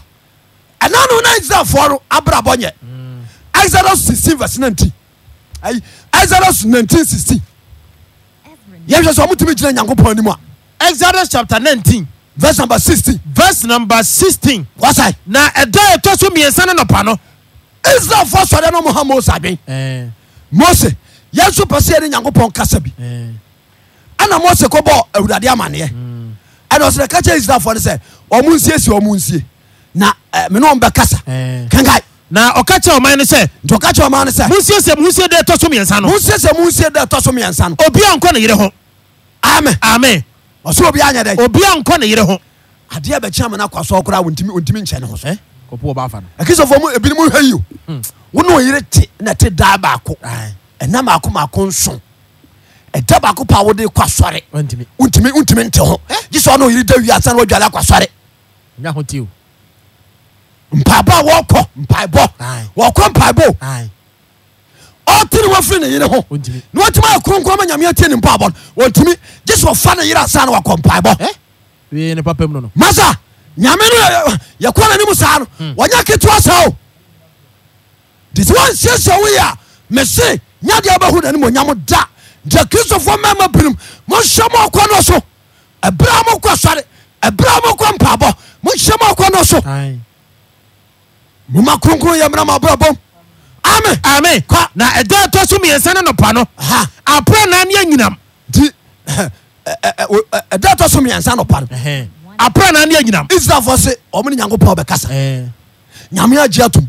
ɛna no na israelfoɔ no abrabɔ nyɛ hmm. exodus 16 verse 19 ayi exodus 19 16 yɛhwɛ sɛ ɔmotumi gyina nyankopɔn anim a exodus chapter 19 verse number sixteen. verse number sixteen. wasa yi. na ɛda ɛtɔ so mmiɛnsa ne nɔpa no. israelfoɔ sɔrɔ ɛna muhammed mose abin. mose yɛn nso pɛ sɛ yɛn ni nyankopɔn kasa bi. ɛna mose ko bɔ awurade amaneɛ. ɛna ɔsɛ ɛka kyɛ israelfoɔ no sɛ ɔmo nsiesie ɔmo nsie na ɛɛ mene bɛ kasa. kankan. na ɔka kyerɛ ɔman no sɛ. nti ɔka kyerɛ ɔman no sɛ. munsiesie munsie de ɛtɔ so mmiɛnsa no. munsiesie munsie de ɛtɔ so mmiɛnsa no. obi a nkɔ ne yere ho. amen. amen. ɔsɛ obi anyɛ dɛ obi nkɔ ne yere ho adeɛ bɛkyɛ ma no akɔ asɔ koraa wɔntimi wɔntimi nkyɛ ne ho so akisɛfoɔ mu ebinom hɛ yio hmm. wo ne ɔyere te na te daa baako ɛna maako maako nson ɛda baako pa wode kɔ asɔre wontimi wontimi nte ho gye sɛ ɔne ɔyere da wie asa na wadwale akɔ asɔre a wɔkɔ mpaebɔ wɔkɔ ɔtene wafiri ne yere ho na watumi akronkro ma nyame atie ne mpaabɔ no wɔntumi gye sɛ ɔfa ne yere asa na wakɔ mpaebɔ masa nyame no yɛkɔ n'anim saa no hmm. wɔnyɛ ketewa saa o nti sɛ wansiesie woyɛ a mese nyadeɛ wobɛhu nane monyam da nti kristofoɔ mɛma birim monhyɛ ma ɔkɔ no so ɛberɛ a mokɔ sɔre ɛberɛ a mokɔ mpaabɔ monhyɛ ma ɔkɔ no so moma kronkron yɛ mmra ma abrabɔm amen amen kɔ na ɛda ɛtɔ so mmiɛnsa ne nopa no aprɛnaa ne anyinam nti ɛda ɛtɔ so mmiɛnsa nopa no aprɛnaa ne anyinam israelfoɔ se ɔmo ne nyankopɔn bɛkasa nyame agye atom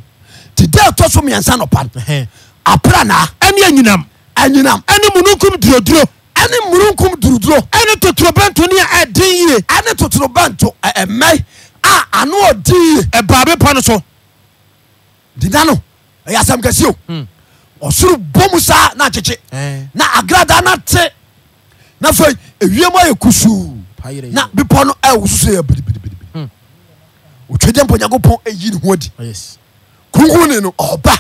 nti da ɛtɔ so mmiɛnsa nopa no aprɛnaa ɛne anyinam anyinam ɛne mununkum duroduro ɛne mununkum duruduro ɛne totorobɛnto ni a ɛden yie ɛne totorobɛnto ɛmɛ a ano ɔden yie ɛbaa bepɔ no so dida ɛyɛ asɛm kɛsio hmm. ɔsoro bomu saa na nkyekye na agrada no te na afei ewiem ayɛ kusuu na bepɔ no ɛwososo yɛ biribiribiri hmm. otwadeɛ mpa onyankopɔn ayi ne ho adi oh, kunkun ne no ɔba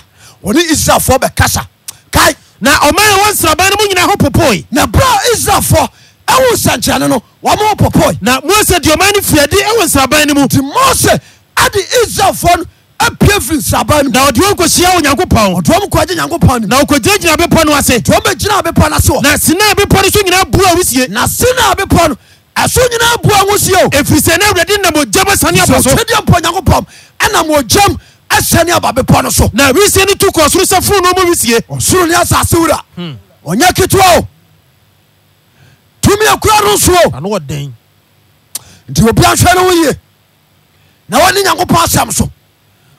wɔne israelfoɔ bɛkasa kae na ɔmaa wɔ nsraban no mu nyinaa ho popoe na berɛ a israelfoɔ ɛwo nsɛnkyerɛne no wɔma wɔ popoe na mose deɛ ɔmaa no fiade ɛwɔ nsraban no mu nti mose ade israelfoɔ no apia firi nsaba no na ɔde wɔn kɔhyia onyankopɔn ɔde wɔn kɔgye nyankopɔn no na ɔkɔgyinagyina bepɔ no ase ɔde wɔn bɛgyina bepɔ no ase wɔ na sena bepɔ no so nyinaa buru a wosie na sena bepɔ no ɛso nyinaa buru a wosie o ɛfiri sɛ na awurade nam ogyam asane aba so sɛdeɛ mpɔ nyankopɔn ɛnam ogyam asane aba bepɔ no so na wisie no tu kɔ ɔsoro sɛ foro no ɔmɔ wisie ɔsoro ne asase wura hmm. ɔnyɛ ketewa o tumi akura no nso o nti obi ahwɛ no wo yie na wɔne nyankopɔn asɛm so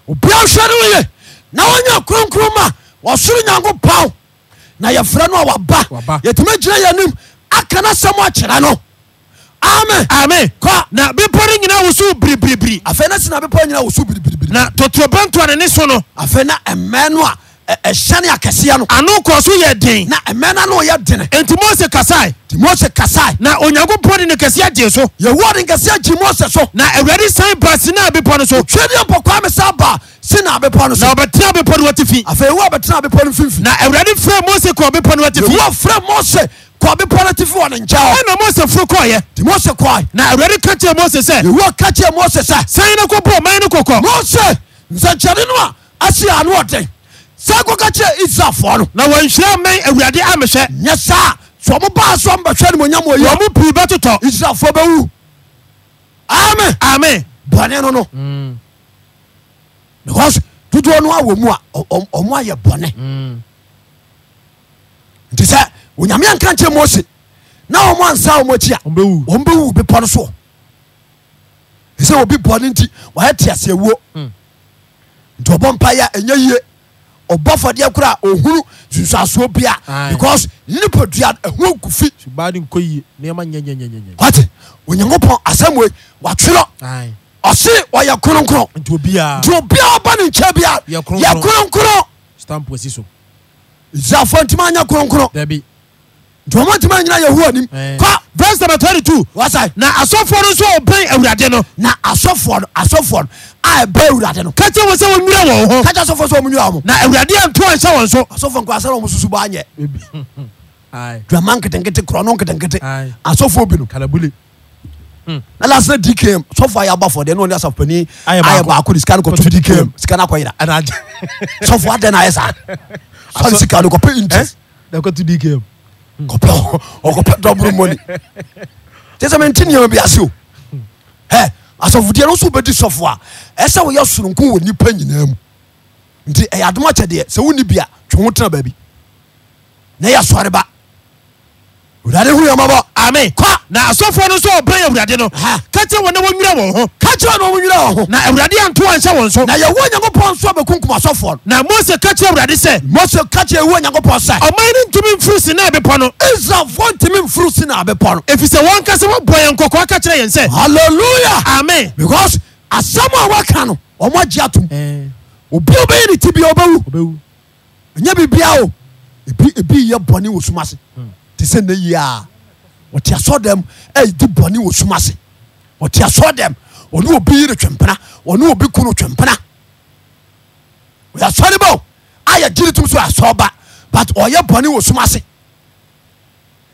obia nhwɛ ne wo ye na wonya kronkro ma wɔsoro nyankopɔn na yɛfrɛ no a waba yɛtumi gyina yɛanim aka no sɛm akyerɛ no amen amen kɔ na bepɔ no nyinaa woso biribiribiri afei na sena bepɔ nyinaa woso biribiribiri na totorobɛntoa ne ne so no afei na ɛmɛ no a ɛhyɛne akɛseɛ no ano kɔ so yɛ den na ɛmɛna no ɔyɛ dene enti mose kasae mose kasae na onyankopɔn de ni kɛseɛ gyee so yɛwɔ de nkɛseɛ gyi mose so na awurade san ba sinaa bepɔ no so twɛdeɛ mpɔkwaa me sa ba sina bepɔ no so na ɔbɛtena bepɔ no watifi afei wɔ bɛtena bepɔ no mfimfini na awurade frɛ mose kɔ bepɔ no watifi wɔ frɛ mose kɔbi pɔlitifi wɔ ne nkyɛn o. ɛna mose furu kɔɔyɛ. ti mose kɔɔye. na awurade ka kyerɛ mose sɛ. iwọ ka kyerɛ mose sɛ. sanyinako bɔ ɔman ne kɔkɔ. mose nsɛnkyɛnni nua asi anu sɛ kɔka kyerɛ israelfoɔ no na wɔnhyira mɛn awurade amehyɛ nyɛ saa sɛ ɔmo baa so mbɛhwɛ ne monyam wɔ wɔn pii bɛtotɔ israelfoɔ bɛwu amen amen bɔne no no mm. because dodoɔ no awɔ mu a ɔmo ayɛ bɔne mm. nti sɛ onyame anka mose na ɔmo ansa ɔmo akyi a ɔmo bɛwu bepɔ no soɔ sɛ obi bɔne nti wɔayɛ te aseɛ wuo mm. nti ɔbɔ mpa yɛ ɛnyɛ yie ɔbɔfɔdeɛ kora a ɔhunu bia because nipadua ɛho nku fi wate onyankopɔn asɛm wei watwerɔ ɔse ɔyɛ kronkron nti obiaa ɔba ne nkyɛ bia yɛ kronkron israelfoɔ ntimi anyɛ kronkron nti ɔma ntimi anyina yɛho anim kɔ verse number twenty two. wasa. na asɔfoɔ no nso ɔbɛn awurade no. na asɔfoɔ no asɔfoɔ no a ɛbɛn awurade no. kɛtɛ wɔn sɛ wɔn nwura wɔn ho. kɛtɛ asɔfoɔ sɛ wɔn nwura wɔn. na awurade yɛ ntɔn ɛhyɛ wɔn so. asɔfoɔ nkɔ asɛn wɔn susu bɔ anyɛ. dwama nketenkete kurɔno nketenkete asɔfoɔ bi no. kalabule. Hmm. na last night dkm sɔfo ayɛ abafo deɛ ne ɔne asafo pani ayɛ baako de sika no kɔto dkm sika no akɔyera sɔfo adɛn na ayɛ saa sɔne sika no kɔpɛ intis dkm ɔkɔpɛ dɔboro mɔni te sɛ menti nneɛma bi ase o ɛ asɔfodeɛ no nso wobɛdi sɔfo a ɛsɛ woyɛ soronko wɔ nipa nyinaa mu nti ɛyɛ adoma kyɛ deɛ sɛ wonni bi a twe ho tena baabi na ɛyɛ ba wurade hu yɛmɔbɔ ame kɔ na asɔfoɔ no nso ɔbrɛ awurade no ka kyerɛ wɔn na wɔnwira wɔn ho ka kyerɛ na wɔnwira wɔn ho na awurade anto anhyɛ wɔn so na yɛwɔ onyankopɔn nso abɛkunkum asɔfoɔ no na mose ka kyerɛ awurade sɛ mose ka kyerɛ ɛwɔ onyankopɔn sɛ ɔman no ntumi mfuru si na abepɔ no israelfoɔ ntumi mfuru si na abepɔ no ɛfiri sɛ wɔn kasa wɔbɔ yɛn kɔkɔɔ ka kyerɛ yɛn sɛ Hallelujah. amen because asɛm a wɔka no wɔn agye atom obi obɛyɛ ne ti bia ɔbɛwu ɛnyɛ biribiara o ebi ebi yɛ bɔne wɔ sum ase. Hmm te sɛ nɛ yie a wɔte asɔ dɛm ɛyidi bɔne wɔ sum ase wɔte asɔ dɛm ɔne obi yere twempena ɔne obi kunu twempena ɔyɛ asɔre bɔ ayɛ gyiri tum so asɔ ba but ɔyɛ bɔne wɔ sum ase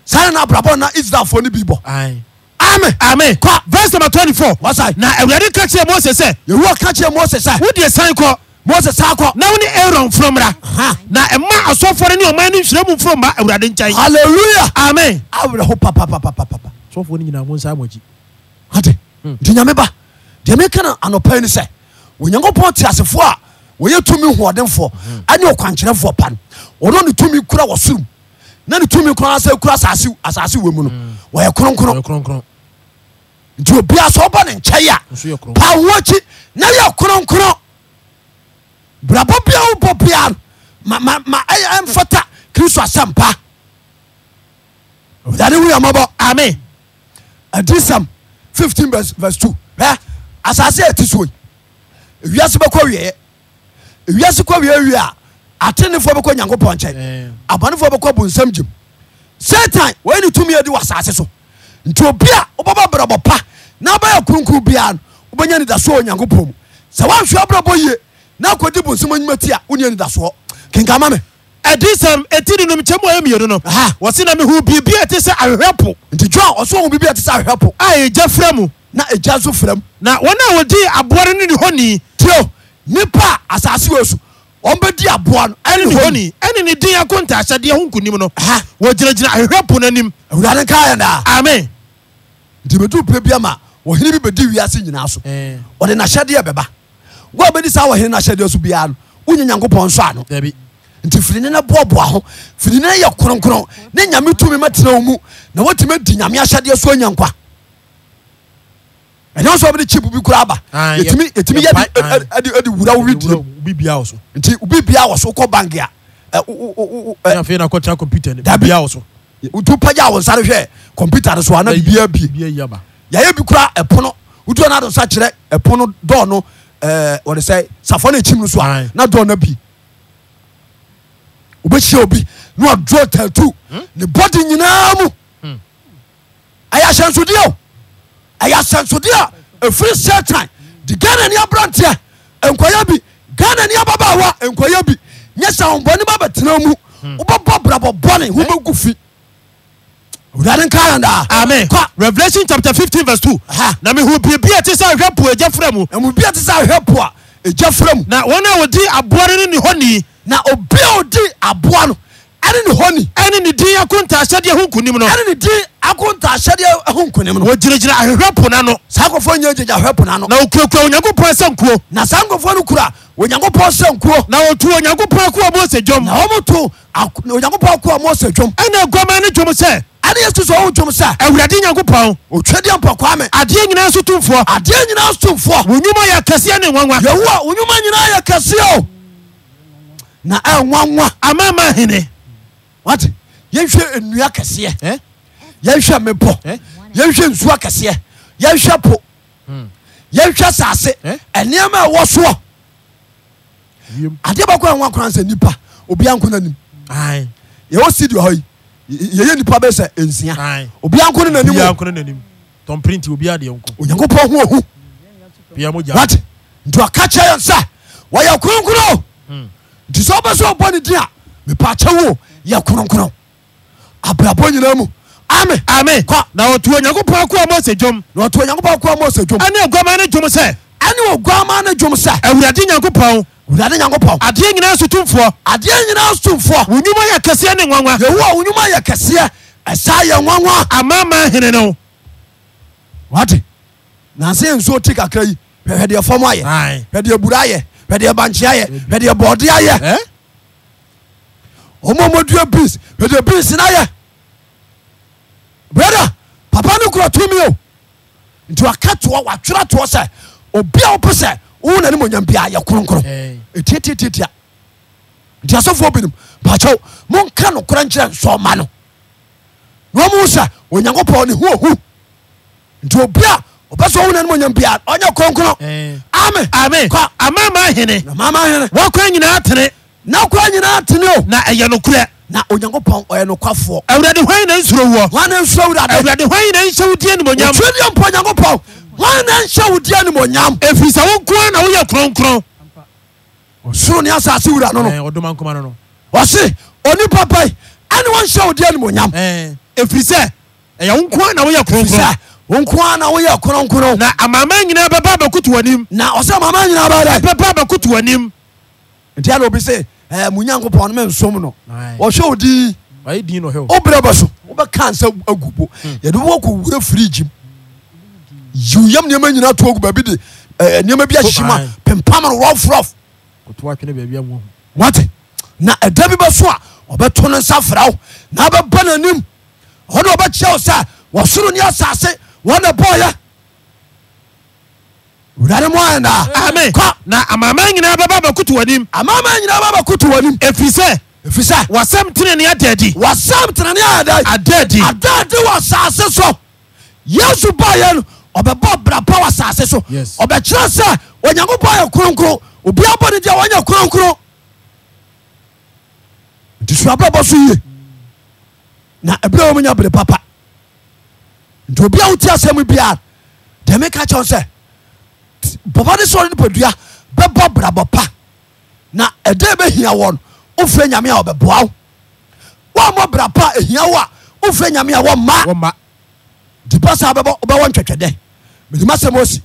saa na abrabɔ na israelfoɔ ne bi bɔ amen amen kɔ verse number twenty four wasa na awurade ka kyerɛ mose sɛ yewura ka kyerɛ mose sɛ wodi esan kɔ mose saa kɔ na wone aron mforommra na ɛma asɔfoɔ no ne ɔman no nhyira mu mforo mma awurade nkyɛn halleluya amen awerɛho papapapapapa sɔfoɔ no nyinaa mo nsa mo akyi ate hmm. nti nyame ba deɛ meka no anɔpa ni sɛ onyankopɔn te asefoɔ a wɔyɛ tumi hoɔdenfoɔ hmm. ɛne ɔkwankyerɛfoɔ pa no ɔno ne tumi kura wɔ sorom na ne tumi kora sɛ kura asase wɔ mu no hmm. wɔyɛ kronkron nti obia sɛ wobɔ ne nkyɛe a pa wo akyi na yɛ kronkron brabɔ biawo bɔ bia ma ma ɛmfata kristo asɛmpa dade wuyamɔbɔ ame adisam 15 vs 2 ɛ asase ɛti soi ewiase bɛkɔ wieɛ ewiase kɔ wie wie a atenefoɔ bɛkɔ nyankopɔn nkyɛn abɔnefoɔ bɛkɔ bonsam gyem satan wɔyɛ ne tumi adi wɔ asase so nti obi a wobɛbɔ brabɔ pa na wobɛyɛ kronkron biara no wobɛnya nidasoɔ wɔ nyankopɔn mu sɛ woanhwɛ brabɔ yie na kɔdi bonsom anyima ti a wonia nidasoɔ kenkama me ɛdesɛm ɛtiri nom kyɛm ɔyɛ mmienu no wɔse na mehu biribi a ɛte sɛ ahwehwɛ po nti john ɔso hu biribi a ɛte sɛ ahwehwɛ po a ɛgya frɛ mu na ɛgya nso frɛ mu na wɔn a wɔdi aboa no ne ne hɔni tio nipa a asase wɔ so wɔn bɛ di aboa no ɛne ne hɔni ɛne ne din ako ntaahyɛdeɛ ho nkonim no wɔgyinagyina ahwehwɛ no anim awurade nka yɛn daa amen nti bɛdu pɛ bi ama wɔhene bi bɛdi wiase nyinaa so wo bɛdi saa wɔhene no ahyɛdeɛ so biara no wonya nyankopɔn nso ano nti firine no boaboa ho firine no yɛ kronkron ne nyame tumi matena wo mu na watumi adi nyame ahyɛdeɛ so anya nkwa ɛnyɛ sɛ wobɛde chip bi kora aba yɛtumi yɛde wura wo bidirim nti wobi biaa wɔ so wokɔ bank a wotu pagya wo nsa rehwɛ computer no so ana bibia bie yɛyɛ bi kora ɛpono wotuano ado nsa kyerɛ ɛpono dɔɔ no ɛɛ wɔde sɛ safo ne kyim no so a na dɔn na bi obɛhyia obi na wadrɔ tatu hmm? ne bɔde nyinaa mu ɛyɛ hmm. ahyɛnsodeɛ o ɛyɛ ahyɛnsodeɛ a ɛfiri satan de ghana ne aberanteɛ nkɔyɛ bi ghana ne ababaawa nkɔyɛ bi nyɛ sɛ ahombɔne ba bɛtena mu hmm. wobɛbɔ brabɔbɔne eh? wobɛgu fi wurade nka yɛn ami kɔ Revelation chapter fifteen verse two. na mi hu biribi a ti sɛ ahwɛ po egya fura mu. ɛmu bi a ti sɛ ahwɛ po a egya fura mu. na wɔn a wɔdi aboa no ne hɔ nii. na obi a odi aboa no ɛne ne hɔni ɛne ne din akontahyɛdeɛ ho nkonim no ɛne ne din akontahyɛdeɛ ho nkonim no wɔgyinagyina ahwehwɛ po na no saa nkɔfoɔ nyɛ gyagya ahwɛ po na no na wɔkurakura onyankopɔn sɛ nkuo na saa nkɔfoɔ no kura onyankopɔn sɛ nkuo na wɔtu onyankopɔn akoa mose dwom na wɔmoto onyankopɔn akoa mose dwom ɛne aguaman no dwom sɛ ɛne yesu sɛ ɔwo dwom sɛ awurade nyankopɔn ɔtwadeɛ mpɔkoa me adeɛ nyinaa so tomfoɔ adeɛ nyinaa so tomfoɔ wo nwuma yɛ kɛseɛ ne nwanwa yɛwoa wo nwuma nyinaa yɛ kɛseɛ o na ɛnwanwa amama hene wate yɛnhwɛ nnua kɛseɛ eh? yɛnhwɛ mepɔ eh? yɛnhwɛ nsuo kɛseɛ yɛnhwɛ po hmm. yɛnhwɛ sase eh? ɛnneɛma ɛwɔ soɔ adeɛ bɛkɔ ɛwa kora sɛ nipa obia nko no nim yɛwɔ studio hɔ yi yɛyɛ nipa bɛyɛ sɛ nsia obia nko no nanim onyankopɔn ho ohu wate nti ɔka kyerɛ yɛn sɛ wɔyɛ kronkron hmm. nti sɛ wobɛ sɛ ɔbɔ ne din a mepaakyɛ wo yɛ kronkron abrabɔ nyinaa mu ami. ami kɔ. na ɔtu onyankopɔn akó ɔmɔ sɛ dwom. na ɔtu onyankopɔn akó ɔmɔ sɛ dwom. ɛni oguama ne dwom sɛ. ɛni oguama ne dwom sɛ. awurade nyankopɔn. awurade nyankopɔn. adeɛ nyinaa sotumfoɔ. adeɛ nyinaa sotumfoɔ. wunyuma yɛ kɛseɛ ne nwanwa. yehowa wunyuma yɛ kɛseɛ ɛsa yɛ nwanwa. amama hene no. wati nansi nsuo ti kakra yi hwɛhwɛ deɛ fɔm ayɛ hwɛ deɛ buru ayɛ hwɛ deɛ bankye ayɛ hwɛ bɔɔde ayɛ ɔmɔmɔdua beans bɛde beans na yɛ brada papa no kura tumi o nti waka toɔ watwerɛ toɔ sɛ obi a wopɛ sɛ wowo nane mɔnyam bia yɛ kronkron ɛtiatitiatia e, nti asɔfoɔ binom pakyɛw monka nokora nkyerɛ nsɔ ma no na ɔmo sɛ onyankopɔn ne hohu nti obi a ɔbɛ sɛ ɔwo nane mɔnyam bia ɔnyɛ kronkron ame amama hene wɔkwa nyinaa tene na kora nyinaa tene o na ɛyɛ nokorɛ na onyankopɔn ɔyɛ nokwafoɔ awurade hwan na nsuro woɔ wane nsuro awurade awurade hwan na nhyɛ wo die animonyam otwedeɛ mpo onyankopɔn wane nhyɛ wo die animonyam ɛfiri sɛ wo nko a na woyɛ kronkron soro ne asase wura no no ɔse onipa pai ɛne wɔnhyɛ wo die animonyam ɛfiri sɛ ɛyɛ wo nko a na woyɛ kronkron nkoa na woyɛ kronkron na amama nyinaa bɛba abɛkoto w'anim na ɔsɛ amama nyinaa bɛdɛ bɛba abɛkoto w'anim nti ana obi sɛ Eh, mu nyankopɔn no mensom no ɔhwɛ wo din bɛ so wobɛka nsa agu bo hmm. yɛde wokɔwura firigi m yiw yam nneɛma nyina to agu baabi de eh, eh, nneɛma bi ahyehye mu a pempam no rɔfrɔf wate na ɛda bi bɛso a ɔbɛto no nsa fra wo na wobɛba n'anim ɔne ɔbɛkyerɛ wo sɛ wɔsoro ne asase wɔne bɔɔyɛ wurade mu ayɛndaa ame kɔ na amama nyinaa bɛba bɛkoto w'anim amama nyinaa bɛba bɛkoto w'anim ɛfiri sɛ ɛfiri sɛ wɔsɛm tenane adaadi wɔsɛm tenane ayɛda adaadi adaadi wɔ asase so yesu baayɛ no ɔbɛbɔ brapa wɔ asase so ɔbɛkyerɛ sɛ onyankopɔn ayɛ kronkron obia bɔ ne deɛ wɔnyɛ kronkron nti suabrabɔ so yie na ɛberɛ wɔ mu nya bere papa nti obia wotie asɛm biara dɛmeka kyɛw sɛ papa ne sɛ ɔde nipadua bɛbɔ brabɔ pa na ɛdɛ bɛhia wɔ no wofrɛ nyame a wɔbɛboa wo woammɔ bra pa ahia wo a wofrɛ nyame a wɔmma dipa saa bɛbɔ wobɛwɔ ntwɛtwɛdɛn medima sɛm osi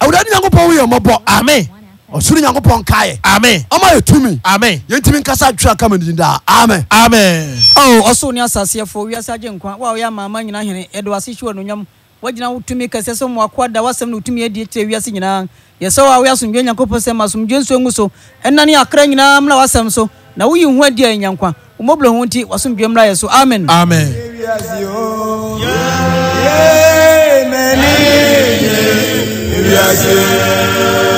awurade nyankopɔn woyɛ mmɔbɔ ame ɔsoro nyankopɔn kaɛ ame ɔma yɛ tumi ame yɛntimi nkasa twerɛ kama nini daa amen amen oh, ɔsoro ne asaseɛfoɔ wiase agye nkwa wo a woyɛ amaama nyina hene ɛde wase hye wɔ nonyam wagyina wo tumi kɛseɛ sɛ mmoakoa da woasɛm ne wotumi adi kyerɛ wiase nyinaa yɛsɛ wo a woyɛ asomdwe nyankopɔn sɛ ma asomdwe nsuo ngu so ɛnane akra nyinaa mmra woasɛm so na woyi ho adi a nyankwa wmmɔbrɛ ho nti wasomdwe mmra yɛ so amen amen Yeah, yeah, yeah, yeah, yeah, yeah, yeah.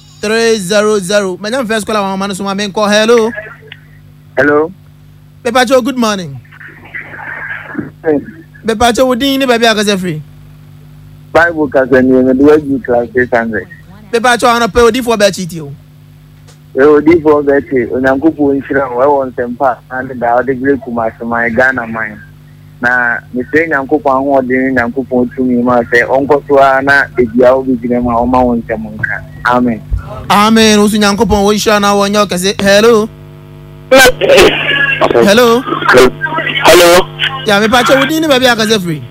three zero zero my name first caller wọn ọmọ nisọ ma mi n kọ hello. hello. pepacho good morning. pepacho wo dín ní bàbí akọsẹ firi. bible kasẹ ni ẹni wẹ́ẹ́ ju class eight hundred. pepacho àwọn ọ̀pẹ òdì fún ọbẹ̀ ẹ̀chì tì o. ẹ òdì fún ọbẹ̀ ẹ̀chì onyankunpọ̀ nṣiran wẹ́wọ̀ nsẹ̀mpa náà dá ọdẹ gírí kùmàṣẹ́ máa gánà máa na mesrɛ nyankopɔn ahoɔden ne nyankopɔn tumi ma sɛ ɔnkɔ so ara na ɛdua wobɛgyina mu a ɔma wo nsɛm nka amen amen wosu nyankopɔn wɔnhyira no wɔnyɛ wo kɛse hello hello hello ya mepakyɛ wodin ne baabi akasɛ firi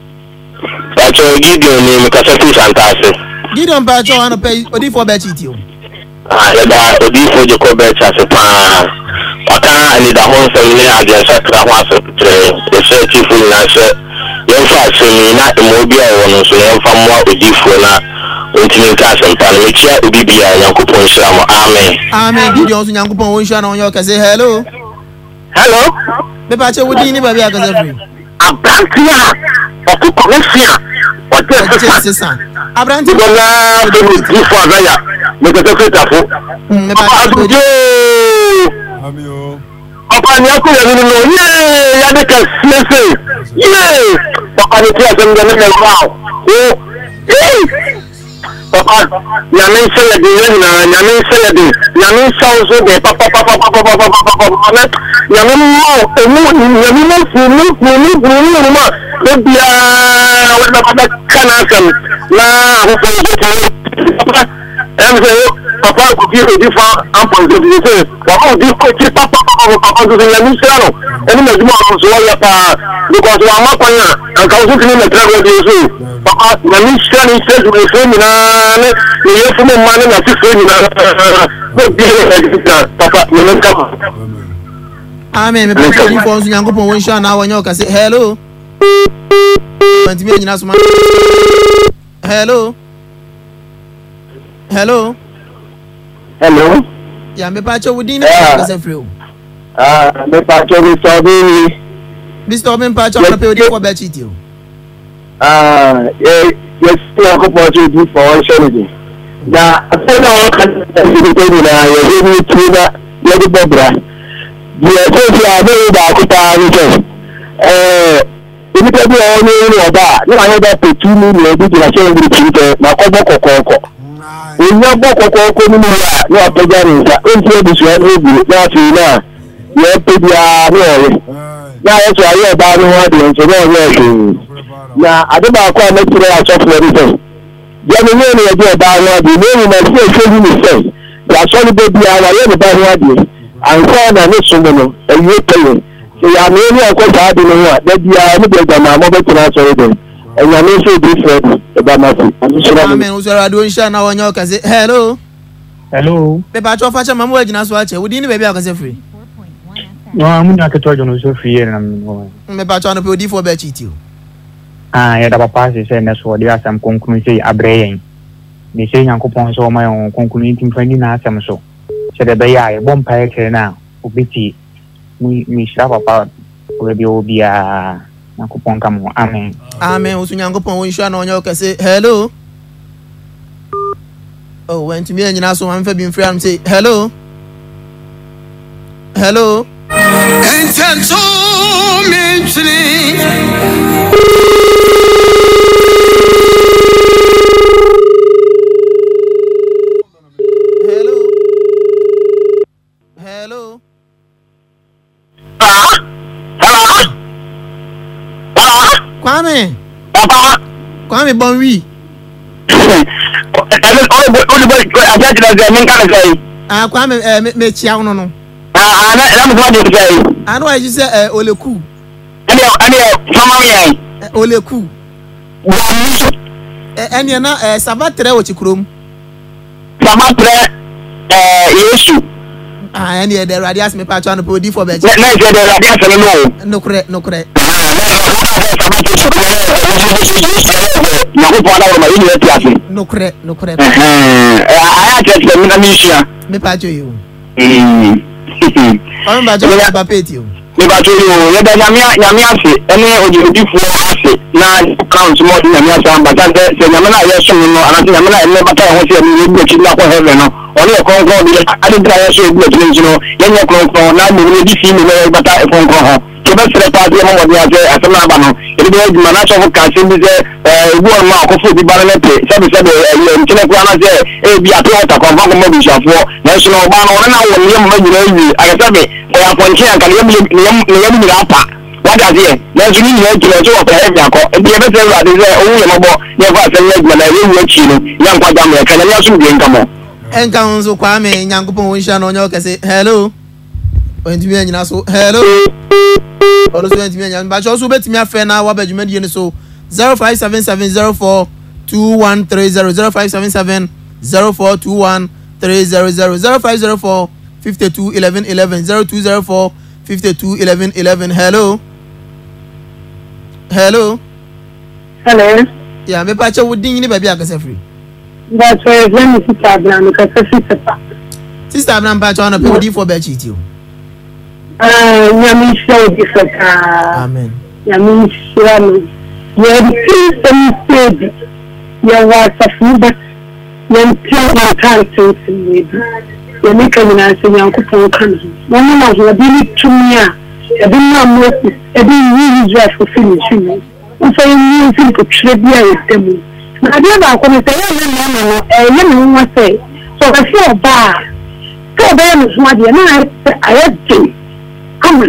pakyɛ gideon ne mekasɛ firi santaase gideon pakyɛ wɔ anɔpɛ odifoɔ bɛkyi tio yɛda ah, odiyifoɔ gye kɔ bɛɛ kyase paa ɔka anidaho nsɛm ne adeɛnsa kra ho asɛtrɛ ɛsɛ atifoɔ nyinaa sɛ yɛmfa asɛm yi na mmoa e bi a ɔwɔ no nso yɛmfa mmoa odiyifoɔ no a nti nka asɛmpa no mekyia obi biaa nyankopɔn nhyira mo amen amen bibi ɔso nyankopɔn wɔnhyira no ɔnyɛ ɔkɛse hello hello mepa kyɛ wodin ne baabi akasɛ firi abrante a ɔko kɔmɛsi a ɔde sesa abrante bɔna bɛ me di fo abɛya mekɛsɛ fetafo adodoo ɔpani akɔyɛ no no yee yɛde kɛsie se yee ɔpani ti asɛm dɛ ne mɛmao papa nyame nsa yɛ den yɛn nyinaa nyame nsa yɛ den nyame nsa nso papa papapapapapapapapapa nyame mma ɔmu nyame mma funu mu funu mu funu mu mu a ebiaa wɔde bɛka n'asɛm na ahosuo nso funu papa ẹnfẹ papa akutu edi fa ampọnze bi sẹ wàá òdi kọtí pápákọ papa tuntun yẹn ní sẹ́rọ̀ ẹni mẹ̀jú mọ̀ ọ̀rọ̀ sọ̀rọ̀ yẹ paa because wàá má kọ́nyà nǹkan oṣù kìíní mẹ̀tẹ́rẹ́ rẹ̀ di oṣù papa nàní sẹ́ ní sẹ́jú rẹ̀ fún mi náà ní ìyẹn fún mi máa ní nàti fún mi náà ní bí ẹ̀ ẹ̀ ti ta papa nàní kàmá. ami mi pẹ̀lú ìdí fọ́ nsúnyà ńkọ́ wọ́n ṣọ́ àná àwọn yẹn hello. hello hello. hello. ya mepa achowu din na yeah. kasa firi o. ah mepa achowu sọ bí mi. mr omi mpa achowu pé o dín kọ bẹ́ẹ̀ chi o. ah yẹ yẹ sí ọkọ pọ̀ tó dùn fún ọ ṣẹ́ nìyí. na afẹ́ náà wọ́n kà sí ẹ̀sìn tó dùn náà yẹ yẹ ní tí na yẹ ní bọ̀ bìrà. yẹ tó fi àbẹ̀wò báko pa ara rẹ̀ ẹ̀ẹ́ nípa bí ọ̀hún ní ọba nípa yẹn bá pẹ̀tù ní ilẹ̀ gbígbìlà ṣẹ́ ń gbìlì kiri máa kọ́ bọ́ kọ̀ọ̀kọ̀ọ̀kọ̀. onye ọgbakọkọ ọkụ n'ụlọ a e na ọpega n'ịsa otu ebusi ọnụ eburu n'afọ ime a ya epebi anụ ọrị na anyị ọba dị nso na na adịbakọ ya ya na onye na ọba na na esi esi ya ya na ya ọba ansa na eyi na onye ọkọ dị na ebi ya tụrụ dị ɛnyame nso edi fred ɛbamasi asusura mu. amen usoro adi onse na wɔnyɛ ɔkase hello. hello. pepa atwa ɔfa kyɛ mamu ɛgyina so akyɛ wodi ni beebi akasɛ firi. wọn amu ni aketewa jɔ n'oso firi yɛ nam wɔn. pepa atwa no pe odi fo bɛɛ kyiiti o. aa yɛ daba paase sɛ ɛnɛ so ɔde asɛm konkuru sɛ abrɛ yɛn ne sɛ nyankopɔn nyankopɔn ka mo amen amen wo so nyankopɔn wo nhyira na ɔnyɛ wo kɛse hello oh wantumi anyina so mamfa bi mfiri anom sɛ hello hello ɛntɛnto mentwene kwame. papa. kwame bọ̀ wí. ẹni olùbọ̀ àti àti nàìjíríà mi ń kálẹ̀ sẹ́yìn. ah kwame ẹ mẹ kí àwọn nínú. ah ana ah, ẹ̀rọ mi fún ọdún sẹ́yìn. àná wàá yìí sẹ ẹ olè kù. ẹni ẹ ẹni ẹ fọmọ mi yẹn. olè kù. bọ̀ọ̀mù. ẹni ẹ na ẹ saba tẹrẹ wọ̀ ti saba tẹrẹ ẹ eh, yéésù. ah ẹni ẹ eh, dẹrọ adi asemi pàtó àná pé odi fọ bẹẹ jẹ. náà ìṣe eh, dẹrọ adi asemi náà. nukurẹ nukurẹ nyankopɔn na wɔrɔma yɛnyɛ ti ase nokorɛ nokorɛ ayɛ akyerɛkyerɛ mena mensua mepatwo yi o ɔmepatwo ɔba peti o mepatwo yi o yɛda nyame ase ɛne ogyinodifoɔ ase na count mɔ de nyame ase ambata sɛ sɛ nyame no a yɛsom no anaasɛ nyame no a ɛnɛ bata yɛ ho sɛ yɛbu akyi no akɔ heaven no ɔne yɛ kronkron de adedra yɛ so yɛbu akyi no nti no yɛnyɛ kronkron na mmom no yɛdi fii mu na yɛbata kronkron ho nti bɛsrɛ paa sɛ mɔmɔde asɛ asɛm no no ɛde bɛyɛ adwuma na sɔfo bi sɛ ɛgu ɔno a ɔkɔfo obi bare no pe sɛbesɛbe nkyene koraa na sɛ ɛbi ape wɔta kɔmfa kɔma abusuafoɔ nanso no ɔbaa no ɔne na wɔ nneɛma ma nyinaa awie akɛsɛbe ɔyɛ apɔnkye anka neyɛm nyinaa pa wájà sí ẹ lẹsùn yìí yẹn kìlọ tí wọn fẹ ẹbí akọ ebi ẹbí sẹ ẹwúrọ àti sẹ owó yẹn mọbọ ní ẹfọ àti ẹyẹ gbẹmẹ ẹyẹ wúwo ẹkyì ni yẹn nkwajà mọ ẹkẹ ní ẹyẹ sùn bìí nkamọ. ẹnka ń so kwame nyankopɔn wo nhyia no ɔnyɛ wo ɔyɛntumi yɛ so hello ɔno so yɛntumi yɛ so bakyɛ ɔso wobɛtumi afɛ na waba dwuma die no so zero five seven seven zero four two one three zero zero five seven seven zero four two one three zero zero zero five zero four fifty two eleven eleven zero two zero four fifty two eleven eleven hello hello. hello. yà mẹ́pà kyẹ́ wo dín yín ní bàbí àkàsẹ́ firi. bàtà ẹ̀gbẹ́ mi sísè àbúrò àmì kẹsẹ́ sísè pa. sísè àbúrò àmì bàtà ọ̀nà pé wò dín fọ́ ti o. Ah, nyame nhyira wo bi fɛ paa ama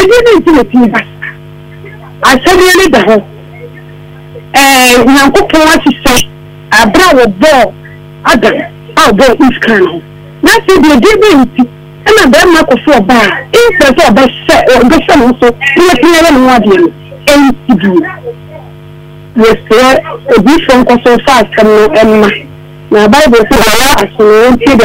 ɛdi ne nti na ne da hɔ eh, ɛɛ a wɔbɔɔ adam a wɔbɔɔ ifka no na sɛ deɛ deɛ bɛ nti ɛna bɛrima akɔfo ɔbaa ɛnfɛ sɛ ɔbɛhyɛ ɔbɛhyɛ no nso piniapini yɛ ne ho adeɛ no ɛnti bi yɛsrɛ odiifoɔ nkɔsɔ fa asɛm no na baibul sɛ wɔyɛ asɔrɔ wɔn ti de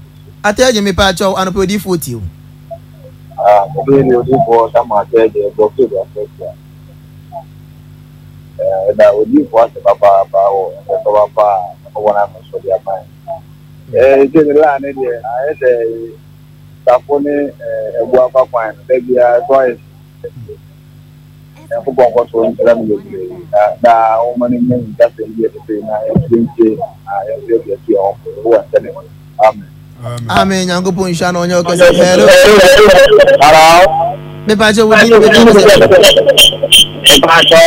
atɛgye mepa akyɛw anɔpɛ odiyifo tie o ɔbɛyɛ ah, eh, e. eh, ne odiyifoɔ sama atɛgye ɛbɔ kebe afɛsia ɛda odiyifoɔ asɛ papaapa wɔ ɛsɛsɛwa pa a ɔwɔ n'ano so de ama yi ɛsɛni laa ne deɛ ayɛ sɛ safo ne ɛboa fa kwan no dɛbi a ɛsɔ ayɛ ɛfobɔ nkɔso nkyerɛ no bebree na wɔma no nya nkasɛm bi ɛtete na yɛntientie na yɛntientie ɛwɔ ɛwɔ nsɛne amen amen nyankopɔn nhyia na ɔnyɛ ɔkɛsɛ hello mepakyɛ wodi ne bɛdi ne sɛ mepakyɛ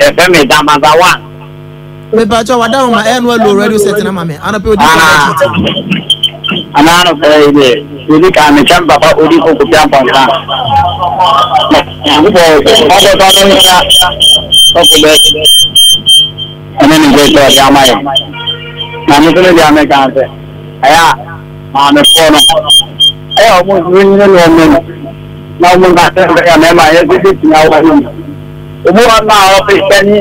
yɛfɛ me damada wa mepakyɛ wada wo ma ɛyɛ no alo radio set na ma me anɔpɛ odi anaano fɛ de odi ka mekyɛ mpapa odi kokopi apɔnka nyankopɔn ɔbɛba no nhyia ɔkɔ bɛ ɛne ne nkyɛ sɛ ɔde ama yɛ na me so no deɛ meka sɛ ɛyɛ a maame poɔ no ɛyɛ ɔmo nyere nyere na ɔmo no na ɔmo na sɛ ɛyɛ mɛma yɛ sisi ti na wɔn mu ɔmo wɔn na ɔfi sɛ ni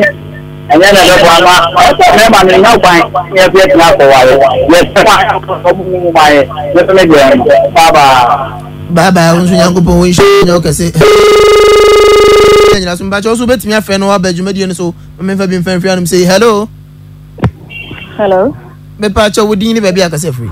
ɛnyɛ na me ama ɔsɛ mɛma no nya kwan yɛ fi ɛtina akɔ wayɛ yɛ sɛ kwan ɔmo mu mu ma yɛ yɛ sɛ ɛgbɛ yɛn baabaa. baabaa nso nyankopɔn wɔn nhyɛ nyɛ ɔkɛse nyina so mbakyɛ ɔso wobɛtumi afɛ no waba dwumadie no so memfa bi mfamfiri anom sɛ hello hello mepa kyɛ wo din ne baabi akasɛ afiri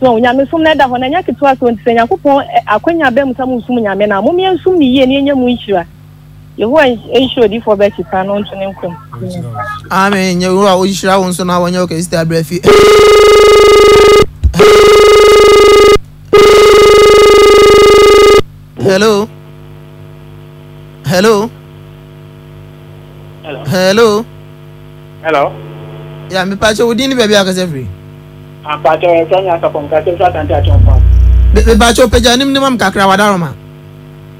so nyame som na ɛda hɔ na ɛnya ketewa so nti sɛ nyankopɔn akwanya bɛ mu sɛ monsum nyame na momeɛ nsum ne yie ne ɛnyɛ mu nhyira yehowa nhyira amen wo nso na wɔnyɛ wo kɛsita abrɛ fi hello hello hello hello ya wo din ne baabi akasɛ ampatɔ sanya sɔkɔnkase satanta tɔnfɔ. bibatso peja nim nimam kakra wa darɔ ma.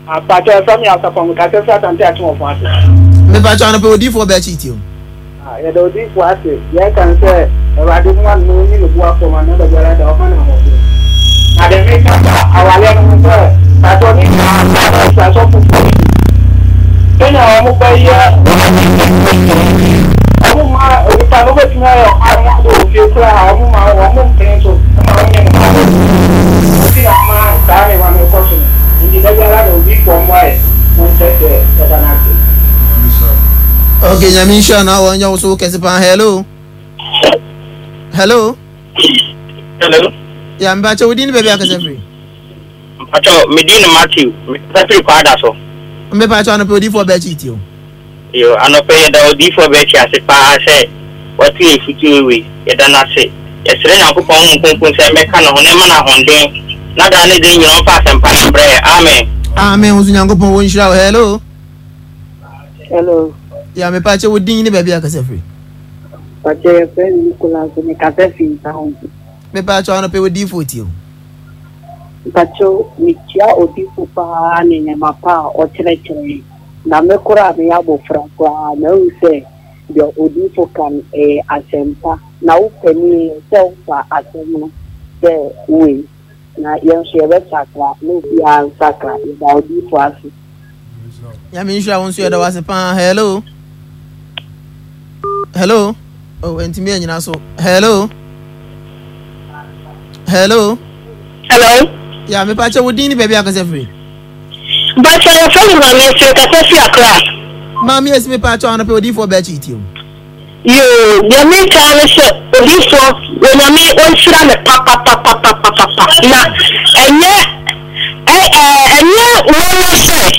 ampatɔ sanya sɔkɔnkase satanta tɔnfɔ ase. bibatso anapɛ odi fo bɛɛ ci ti o. yɛdɛ odi fo ase yɛ kan sɛ ɛwurade mu anu yi ni bu afɔ ma n'o tɛ bɔra da ɔfɔ na mɔ bi. ademi kata awalɛ nu fɛ patɔ ni maa sɔ fufu. kenya wɔn mo bɛ yɛ mu ma nipa no wetumi ayɛ ɔman mu abɔ ofie kura a ɔmo ma wɔ ɔmo mpene so ɔmo a ɔnyɛ nipa no obi na ɔma saa ne wa na ɛkɔ so no nti dɛ biara na obi kɔ ɔmo ayɛ wɔn kyɛ sɛ ɛda na ase. ok nyame nhyia na wɔn nyɛ hello hello hello ya mpakyɛ wo din ne baabi akasa firi mpakyɛ medin no matthew mepɛ firi kwaada so mmepakyɛ anɔpɛ odifoɔ yo anɔpɛ yɛda odiifoɔ bɛkyi ase paa sɛ wɔte ɛfutu ewe yɛda no ase yɛsrɛ nyankopɔn mu nkonkon sɛ mɛka ne ho na ɛma no ahoɔden na daa ne de nyina ɔmfa asɛmpa no brɛ amen amen wo so nyankopɔn wɔnhyira wo hello hello ya mepa kyɛ wo din ne baabi akasa firi pakyɛ yɛfrɛ me nicolas mekasa fii sa ho mepa kyɛ anɔpɛ wodiifoɔ tie o mpakyɛ mekyia odiifo paa ne nyɛma pa a ɔkyerɛkyerɛ na me koraa me yɛ koraa na ehu sɛ deɛ odinfo kan ɛɛ e, asɛmpa na wopɛ ni sɛ wofa asɛm no sɛ wei na yɛn nso yɛbɛsakra na obi a nsakra yɛda odinfo ase. nyame nhyira wo nso yɛda wase paa hello hello oh ntumi anyina so hello hello hello ya mepa kyɛ wo din ne baabi akasɛ firi But I was telling my minister, I can see a class. Mommy is me part on a podi for bet it you. You, the main time is this one when I mean one should have a papa, papa, papa, papa. Now, and yet, and yet, one of say,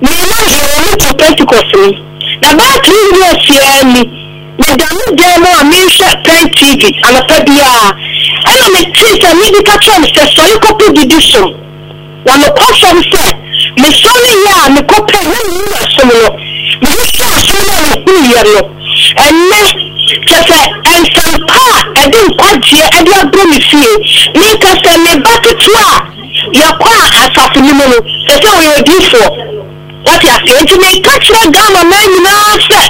we know you want to Pentecost me. Now, about three years here, me. Mẹ̀dàmú jẹ́ mọ́ àmì iṣẹ́ pẹ́ntìgì àlọ́pẹ́ bíi à. Ẹ̀rọ mi tí ìsẹ̀mí ní ká tí ọ̀mùsẹ̀ sọ yín kó pé dídí sùn. Wà ló kọ́ sọ́mùsẹ̀. mesu ne yɛ a mekɔpɛ na mewu wɔ som no mede sɛ asom no a mehuyɛ no ɛnɛ kyɛ sɛ ɛnsampa a ɛde nkwagyeɛ ɛde abrɛ me fie menka sɛ meba tetewa a yɛkɔ a asafo no mu no kyɛ sɛ ɔyɛ odiifoɔ wọ́n ti àfihàn ẹ̀ntì mi kẹ́kẹ́ gánà náà nyinaa sẹ́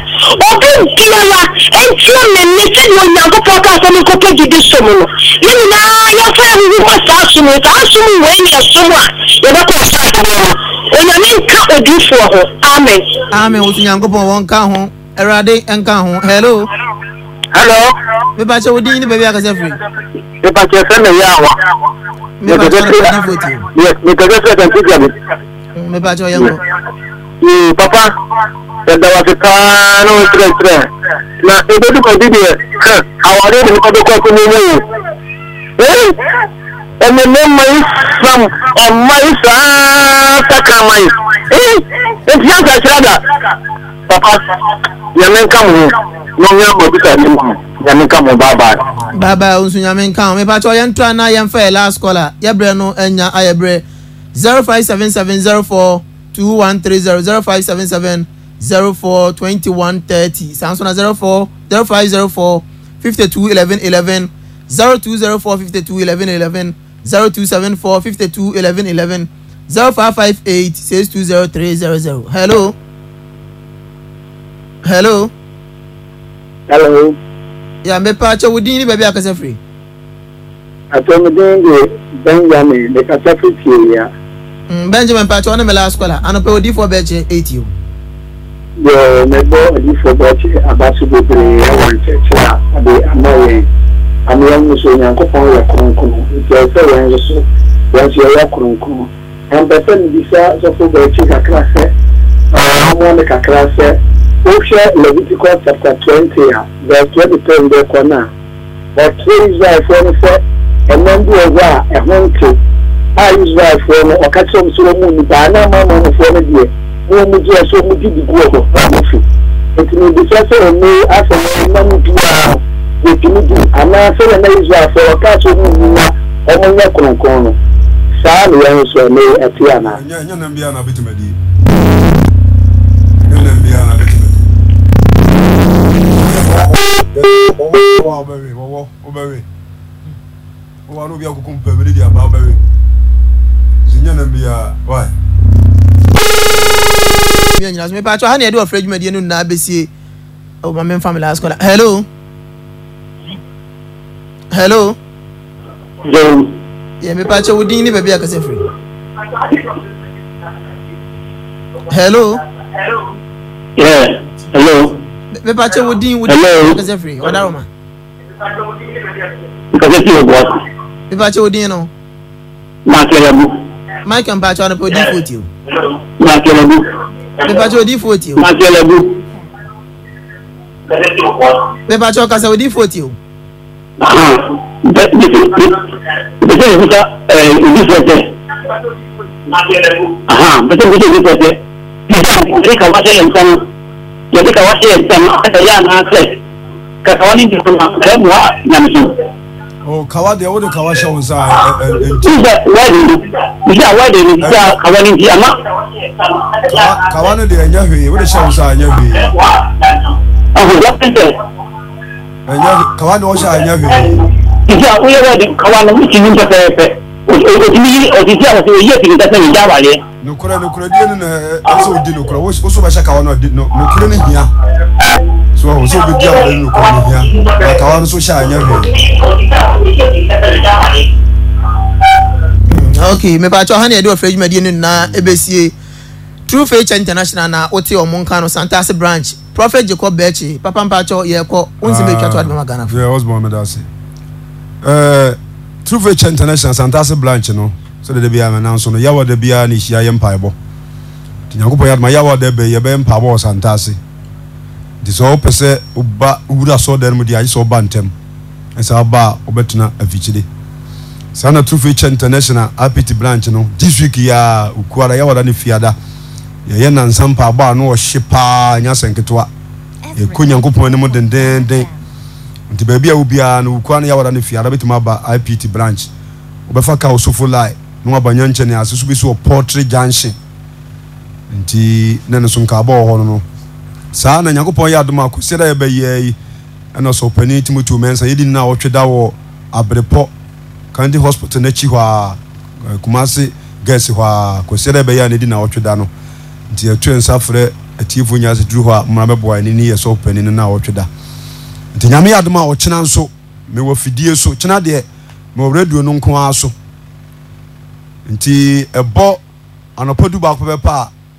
obi biara ẹ̀ntì mi ní sẹ́ ní onyankopọ̀ káàkó mi kó pégidi sọm no ní nyinaa yẹfẹ́ ahuhu mọ́ sáà sọm ní sáà sọm wọ́n yẹ sọm a yẹbẹ́kọ̀ ọ̀sán àdáwọ̀ hɔ onyame nka odiifoɔ ho amen. amen wotu nyankopɔn wɔn nka ho awurade nka ho hello. hello. bípa kyɛ wodin ní baabi akasɛ firi. bípa kyɛ sɛ na yɛ awa. bípa kyɛ mɛba kyɛ ɔyɛ nkɔ. ee papa yɛda wase paa na wɔn kyerɛkyerɛ na ebedu kɔdi deɛ hɛ awari de nipa bɛkɔ ɛkɔ n'enye wo ee eh, ɛmɛ ne mma yi sam ɔmma yi saa saka ama yi ee eh, eti yɛn nsa kyerɛ da papa yɛmɛ nka mo ho na ɔnyɛ ama bi sa ne mu yɛmɛ nka mo bye bye. bye bye nso nyame nka mo mɛba kyɛ ɔyɛ ntoa na yɛn fɛ last caller yɛbrɛ no ɛnya ayɛbrɛ zero five seven seven zero four two one three zero zero five seven seven zero four twenty one thirty samsung na zero four zero five zero four fifty two eleven eleven zero two zero four fifty two eleven eleven zero two seven four fifty two eleven eleven zero five five eight six two zero three zero zero hello hello. hello. yà mẹ́pà àchẹ́wò dín ní bẹ̀bí àkàsẹ́fìrì. àtọ́mọdé ń de benjamin lè kàsẹ́fìrì kìí ya. Mm, benjamin pàtó ọ ní mi last caller àná pé odífọ bẹẹ jẹ eight o. yọ mẹgbọ odífọ bẹẹ jẹ abasu bebree ẹwọn tẹtẹ a àbí àmọ yẹn àmì yẹn nso nyankopɔn yɛ kronkron nti ɛsɛ yɛn nso yɛn nso yɛyɛ kronkron ɛmpɛsɛ ne bisa sɔfo bɛakyi kakra sɛ ɔmo ne kakra sɛ wohwɛ leviticus chapter twenty a verse twenty ten bɛkɔ no a wɔtwe israelfoɔ no sɛ ɛnam bi wɔ hɔ a ɛho ntew a israelfoɔ no ɔka kyerɛ m sɛ ɔmu nnipaa na ama amanfoɔ no deɛ na ɔmu gye ɛsɛ ɔmu gye digu wɔ hɔ fi nti mebisa sɛ ɔme asɛm nam du a yɛtumi di anaa sɛdeɛ na israelfoɔ ɔka sɛ ɔmu nni na ɔmo nyɛ kronkron no saa na yɛn nso ɛne ɛte anaa nyɛ nam biara na bɛtumi adi nyɛ nam biara na bɛtumi adi wɔwɔ wɔwɔ wɔbɛwe wɔwɔ wɔbɛwe wɔwɔ ano bi akoko mpɛmɛ de di aba wɔbɛwe ɛnyɛ nam biara why. mi nyina so mi paatwa ha na yɛde ɔfrɛ dwumadie no nyinaa bɛsie ɛwɔ oh, ma memfa me last caller hello hello. hello. yɛ mi paatwa wo din ne baabi akasa firi. hello. yɛ hello. mi paatwa wo din wo din ne baabi akasa firi ɔdaroma. nkasa si wɔ buwasi. mi paatwa wo din no. maa kiri ya bu. Mike Mpacho anụpụ di foti o. Makelebu. Mpacho odi foti o. Makelebu. Mpacho kasa odi foti o. Mpacho ekwusa odi foti. Mpacho ekwusa odi foti. Ndị ka wasị ya ntan. Yadị ka wasị ya ntan. Aka ya na-asị. Ka kawa n'ịdị kwa na-akpọ ya mụwa na nsọ oh kawa deɛ de kawa hyɛ wo nsa ntisɛ wedding no nti a wedding no nti a kawa no nti ama kawa no deɛ ɛnyɛ hwee wode hyɛ wo nsa anyɛ hwee ahoda sɛ ɛnyɛ kawa no wɔhyɛ anyɛ hwee nti a woyɛ wedding kawa no wotumi pɛpɛɛpɛ otumi yi otiti a wɔsɛ oyi efiri nkasa mi gya awareɛ nokorɛ nokorɛ die no na ɛsɛ odi nokorɛ wo so bɛhyɛ kawa no nokorɛ no hia so ɔhun sɛ obi di a ɔde nukwu ne hia atawa no so hyɛ anya hwɛ. ok mepatwa ha na yɛde ɔfrɛ dwumadie no nyinaa ɛbɛsie true faith international na wote ɔmo nka no santase branch prophet jacob bɛkye papa mpatwa yɛkɔ wonsi bɛtwa to adema ah, ghana fo. ɔsbɔn mi da se ɛɛ true faith international santase branch no sɛ dede biara mɛnan so no yawa de biara na ehyia yɛ mpaebɔ nyankopɔn yadoma yawa de bɛ yɛ bɛ mpaebɔ wɔ santase nti sɛ wopɛ sɛ woba wura sɔdan mu deɛ agye sɛ woba ntɛm ɛsɛ aba a wobɛtena afikyire saa na trufe kyɛ international apt branch no this week yia okuara yɛwada ne fiada yɛyɛ nansa mpaabɔ a no wɔhye paa nyɛ asɛ nketewa yɛkɔ nyankopɔn anim dendenden nti baabi a wobiara no okuara no yɛwada ne fiada bɛtumi aba ipt branch wobɛfa ka osofo lie na waba nyankyɛne ase so bi so wɔ portre junction nti ne no so nkaabɔ wɔ hɔ no no saa na nyankopɔn yɛ adom a kɔsi da yɛbɛyɛ yi ɛna sɛ ɔpani timoteo mɛnsa yɛdi no a wɔtwe da wɔ aberepɔ county hospital n'akyi hɔ a kumase gas hɔ a kɔsi da yɛbɛyɛ a n'edi na wɔtwe da no nti yɛto nsa frɛ atiefo nyinaa sɛ duru hɔ a mmara bɛboa ɛne ne yɛ sɛ ɔpani no na wɔtwe da nti nyame yɛ adom a ɔkyena nso mewɔ fidie so kyena deɛ mewɔ radio no nko ara so nti ɛbɔ anɔpa du baako bɛpa a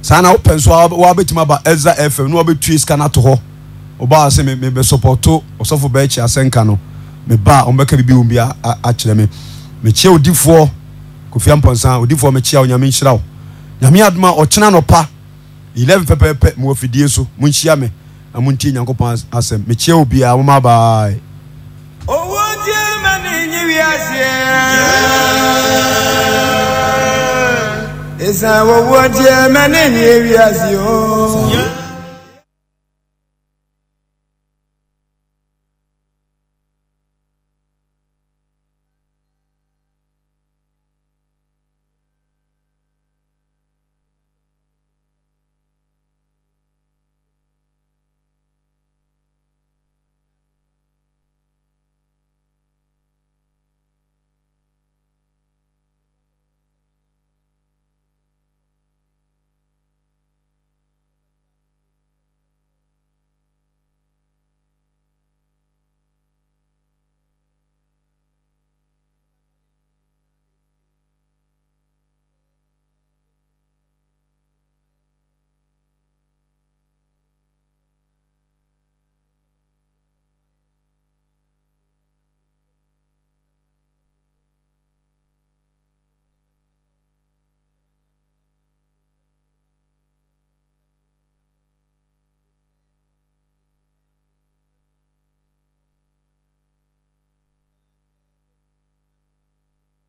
saa na wopɛ nso wabɛtumi aba ɛza fm na wabɛtue sika no ato hɔ ɔbaa sɛ mebɛsɔpɔto ɔsɔfo bɛakyi asɛnka no mebaa ɔmbɛka biribi wɔ bi akyerɛ me mekyia odifoɔ kofia mpɔnsa odifoɔ mekyia onyame nhyira wo nyame adoma ɔkyena nɔpa 11 pɛpɛpɛ mewɔ so monhyia me na montie nyankopɔn asɛm mekyia wo biaa moma bae owó díẹ̀ mẹ́ni yín wí ɛsan wɔwɔ deɛ man, in here, as you.